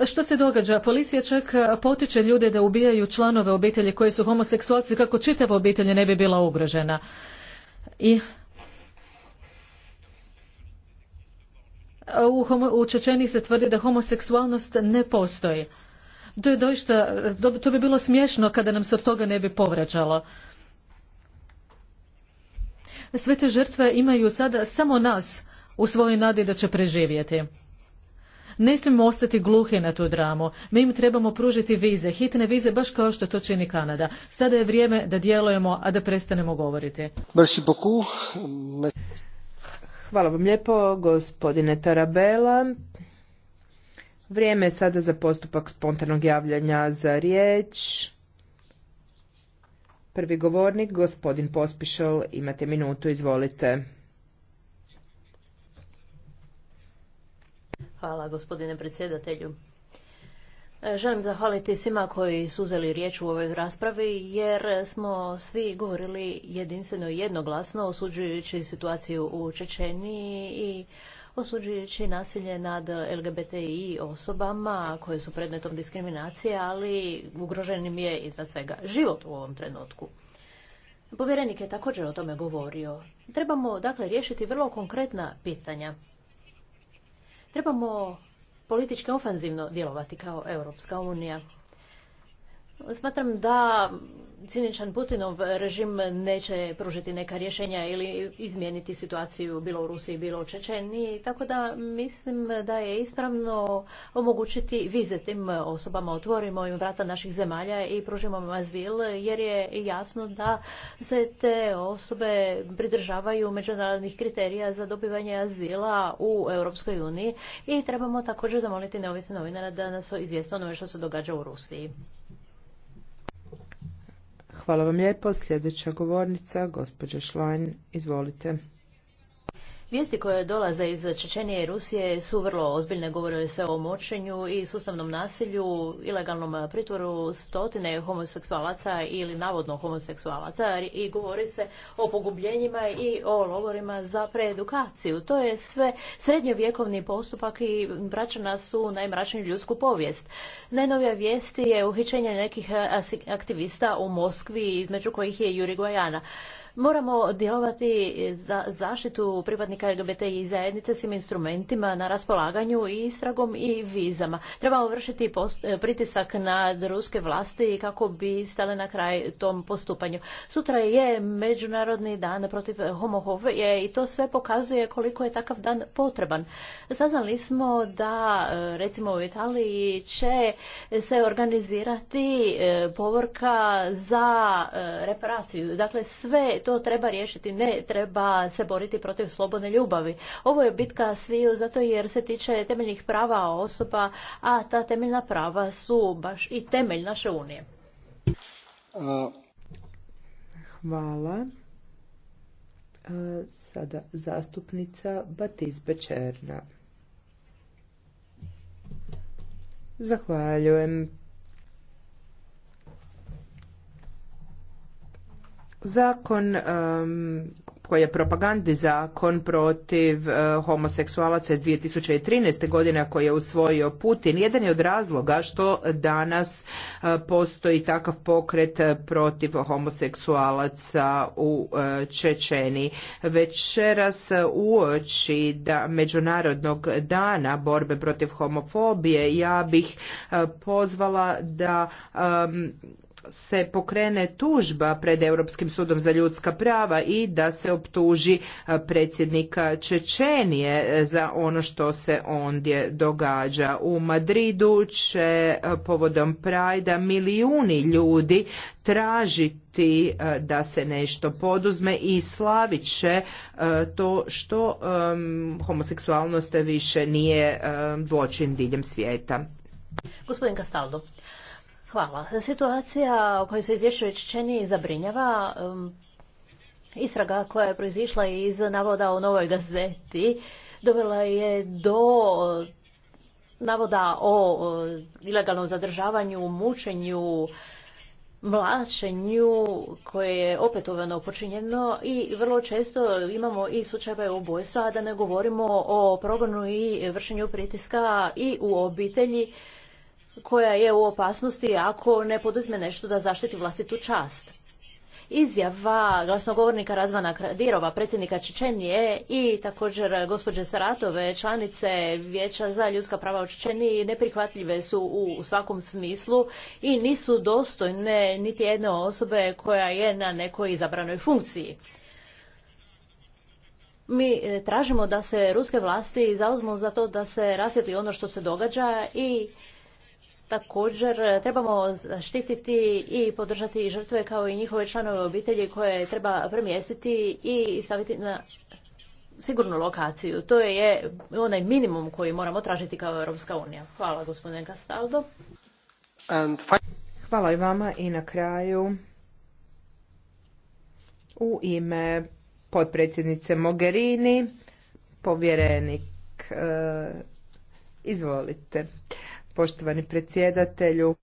Što se događa? Policija čak e, potiče ljude da ubijaju članove obitelji koji su homoseksualci kako čitava obitelj ne bi bila ugrožena. I u, homo, se tvrdi da homoseksualnost ne postoji. To je to bi bilo smiješno kada nam se od toga ne bi povraćalo. Sve te žrtve imaju sada samo nas u svojoj nadi da će preživjeti. Ne smijemo ostati gluhi na tu dramu. Mi im trebamo pružiti vize, hitne vize, baš kao što to čini Kanada. Sada je vrijeme da djelujemo, a da prestanemo govoriti. Hvala vam lijepo, gospodine Tarabela. Vrijeme je sada za postupak spontanog javljanja za riječ. Prvi govornik, gospodin Pospišal, imate minutu, izvolite. Hvala gospodine predsjedatelju. E, želim zahvaliti svima koji su uzeli riječ u ovoj raspravi jer smo svi govorili jedinstveno i jednoglasno osuđujući situaciju u Čečeniji i osuđujući nasilje nad LGBTI osobama koje su predmetom diskriminacije, ali ugroženim je iznad svega život u ovom trenutku. Povjerenik je također o tome govorio. Trebamo dakle riješiti vrlo konkretna pitanja. Trebamo politički ofenzivno djelovati kao Europska unija. Smatram da ciničan Putinov režim neće pružiti neka rješenja ili izmijeniti situaciju bilo u Rusiji, bilo u Čečeniji. Tako da mislim da je ispravno omogućiti vize tim osobama, otvorimo im vrata naših zemalja i pružimo im azil jer je jasno da se te osobe pridržavaju međunarodnih kriterija za dobivanje azila u Europskoj uniji i trebamo također zamoliti neovisne novinara da nas izvijestu onome što se događa u Rusiji. Hvala vam lijepo. Sljedeća govornica, gospođa Šlajn, izvolite. Vijesti koje dolaze iz Čečenije i Rusije su vrlo ozbiljne, govore se o moćenju i sustavnom nasilju, ilegalnom pritvoru stotine homoseksualaca ili navodno homoseksualaca i govori se o pogubljenjima i o logorima za preedukaciju. To je sve srednjovjekovni postupak i vraća nas u najmračniju ljudsku povijest. Najnovija vijesti je uhićenje nekih aktivista u Moskvi, između kojih je Juri Gojana. Moramo djelovati za zaštitu pripadnika LGBTI zajednice svim instrumentima na raspolaganju i istragom i vizama. Treba vršiti pritisak na ruske vlasti kako bi stale na kraj tom postupanju. Sutra je Međunarodni dan protiv homohove i to sve pokazuje koliko je takav dan potreban. Saznali smo da e, recimo u Italiji će se organizirati e, povorka za e, reparaciju. Dakle, sve to treba riješiti, ne treba se boriti protiv slobodne ljubavi. Ovo je bitka sviju zato jer se tiče temeljnih prava osoba, a ta temeljna prava su baš i temelj naše unije. Hvala. E, sada zastupnica Batiz Bečerna. Zahvaljujem Zakon koji je propagandni zakon protiv eh, homoseksualaca iz 2013. godine koji je usvojio Putin, jedan je od razloga što danas eh, postoji takav pokret eh, protiv homoseksualaca u Čečeni. Večeras uoči da Međunarodnog dana borbe protiv homofobije ja bih pozvala da se pokrene tužba pred Europskim sudom za ljudska prava i da se optuži e, predsjednika Čečenije e, za ono što se ondje događa. U Madridu će e, povodom Prajda milijuni ljudi tražiti da se nešto poduzme i slavit će to što homoseksualnost više nije zločin diljem svijeta. Gospodin Castaldo, Hvala. Situacija o kojoj se izvješuje Čečeni zabrinjava. Istraga koja je proizišla iz navoda o novoj gazeti dovela je do e, navoda o ilegalnom zadržavanju, mučenju, mlačenju koje je opetovano počinjeno i vrlo često imamo i slučajeve ubojstva, a da ne govorimo o progonu i vršenju pritiska i u obitelji koja je u opasnosti ako ne poduzme nešto da zaštiti vlastitu čast. Izjava glasnogovornika Razvana Kradirova, predsjednika Čečenije i također gospođe Saratove, članice Vijeća za ljudska prava u Čečeniji, neprihvatljive su u svakom smislu i nisu dostojne niti jedne osobe koja je na nekoj izabranoj funkciji. Mi e, tražimo da se ruske vlasti zauzmu za to da se rasvjetli ono što se događa i Također e, trebamo zaštititi i podržati žrtve kao i njihove članove obitelji koje treba premjestiti i staviti na sigurnu lokaciju. To je onaj minimum koji moramo tražiti kao Europska unija. Hvala gospodine Castaldo. Hvala i vama i na kraju u ime potpredsjednice Mogherini, povjerenik. E, izvolite. Poštovani predsjedatelju,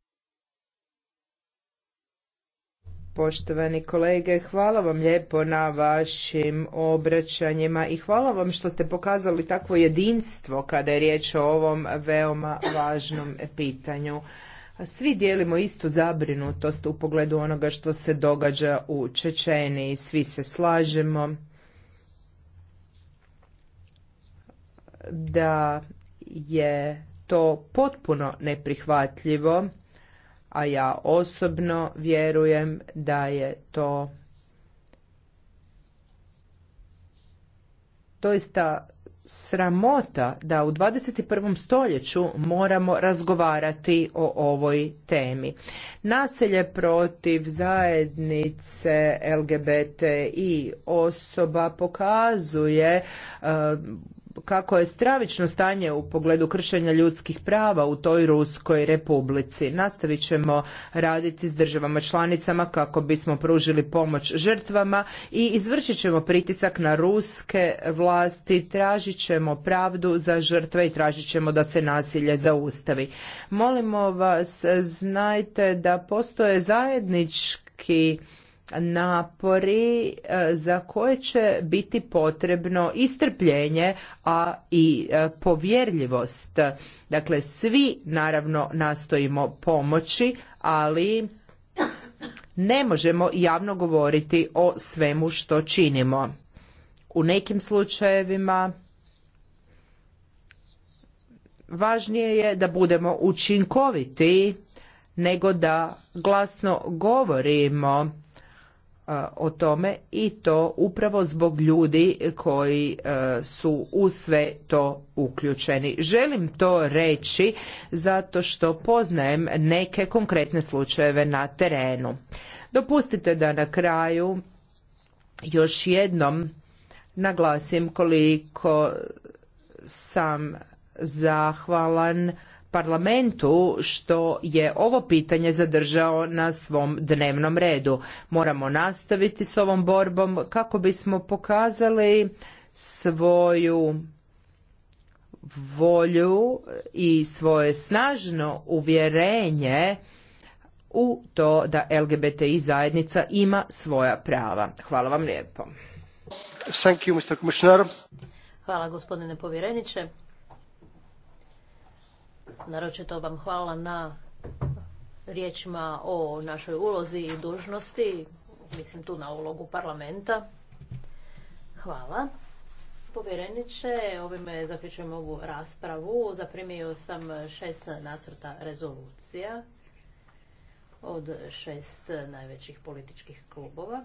poštovani kolege, hvala vam lijepo na vašim obraćanjima i hvala vam što ste pokazali takvo jedinstvo kada je riječ o ovom veoma važnom pitanju. Svi dijelimo istu zabrinutost u pogledu onoga što se događa u i svi se slažemo da je to potpuno neprihvatljivo, a ja osobno vjerujem da je to doista sramota da u 21. stoljeću moramo razgovarati o ovoj temi. Naselje protiv zajednice LGBT i osoba pokazuje kako je stravično stanje u pogledu kršenja ljudskih prava u toj Ruskoj republici. Nastavit ćemo raditi s državama članicama kako bismo pružili pomoć žrtvama i izvršit ćemo pritisak na ruske vlasti, tražit ćemo pravdu za žrtve i tražit ćemo da se nasilje zaustavi. Molimo vas, znajte da postoje zajednički napori e, za koje će biti potrebno istrpljenje, a i e, povjerljivost. Dakle, svi naravno nastojimo pomoći, ali ne možemo javno govoriti o svemu što činimo. U nekim slučajevima važnije je da budemo učinkoviti nego da glasno govorimo o tome i to upravo zbog ljudi koji su u sve to uključeni. Želim to reći zato što poznajem neke konkretne slučajeve na terenu. Dopustite da na kraju još jednom naglasim koliko sam zahvalan parlamentu što je ovo pitanje zadržao na svom dnevnom redu. Moramo nastaviti s ovom borbom kako bismo pokazali svoju volju i svoje snažno uvjerenje u to da LGBTI zajednica ima svoja prava. Hvala vam lijepo. Hvala gospodine povjereniče. Naročito vam hvala na riječima o našoj ulozi i dužnosti, mislim tu na ulogu parlamenta. Hvala. Povjereniče, ovime zaključujem ovu raspravu. Zaprimio sam šest nacrta rezolucija od šest najvećih političkih klubova.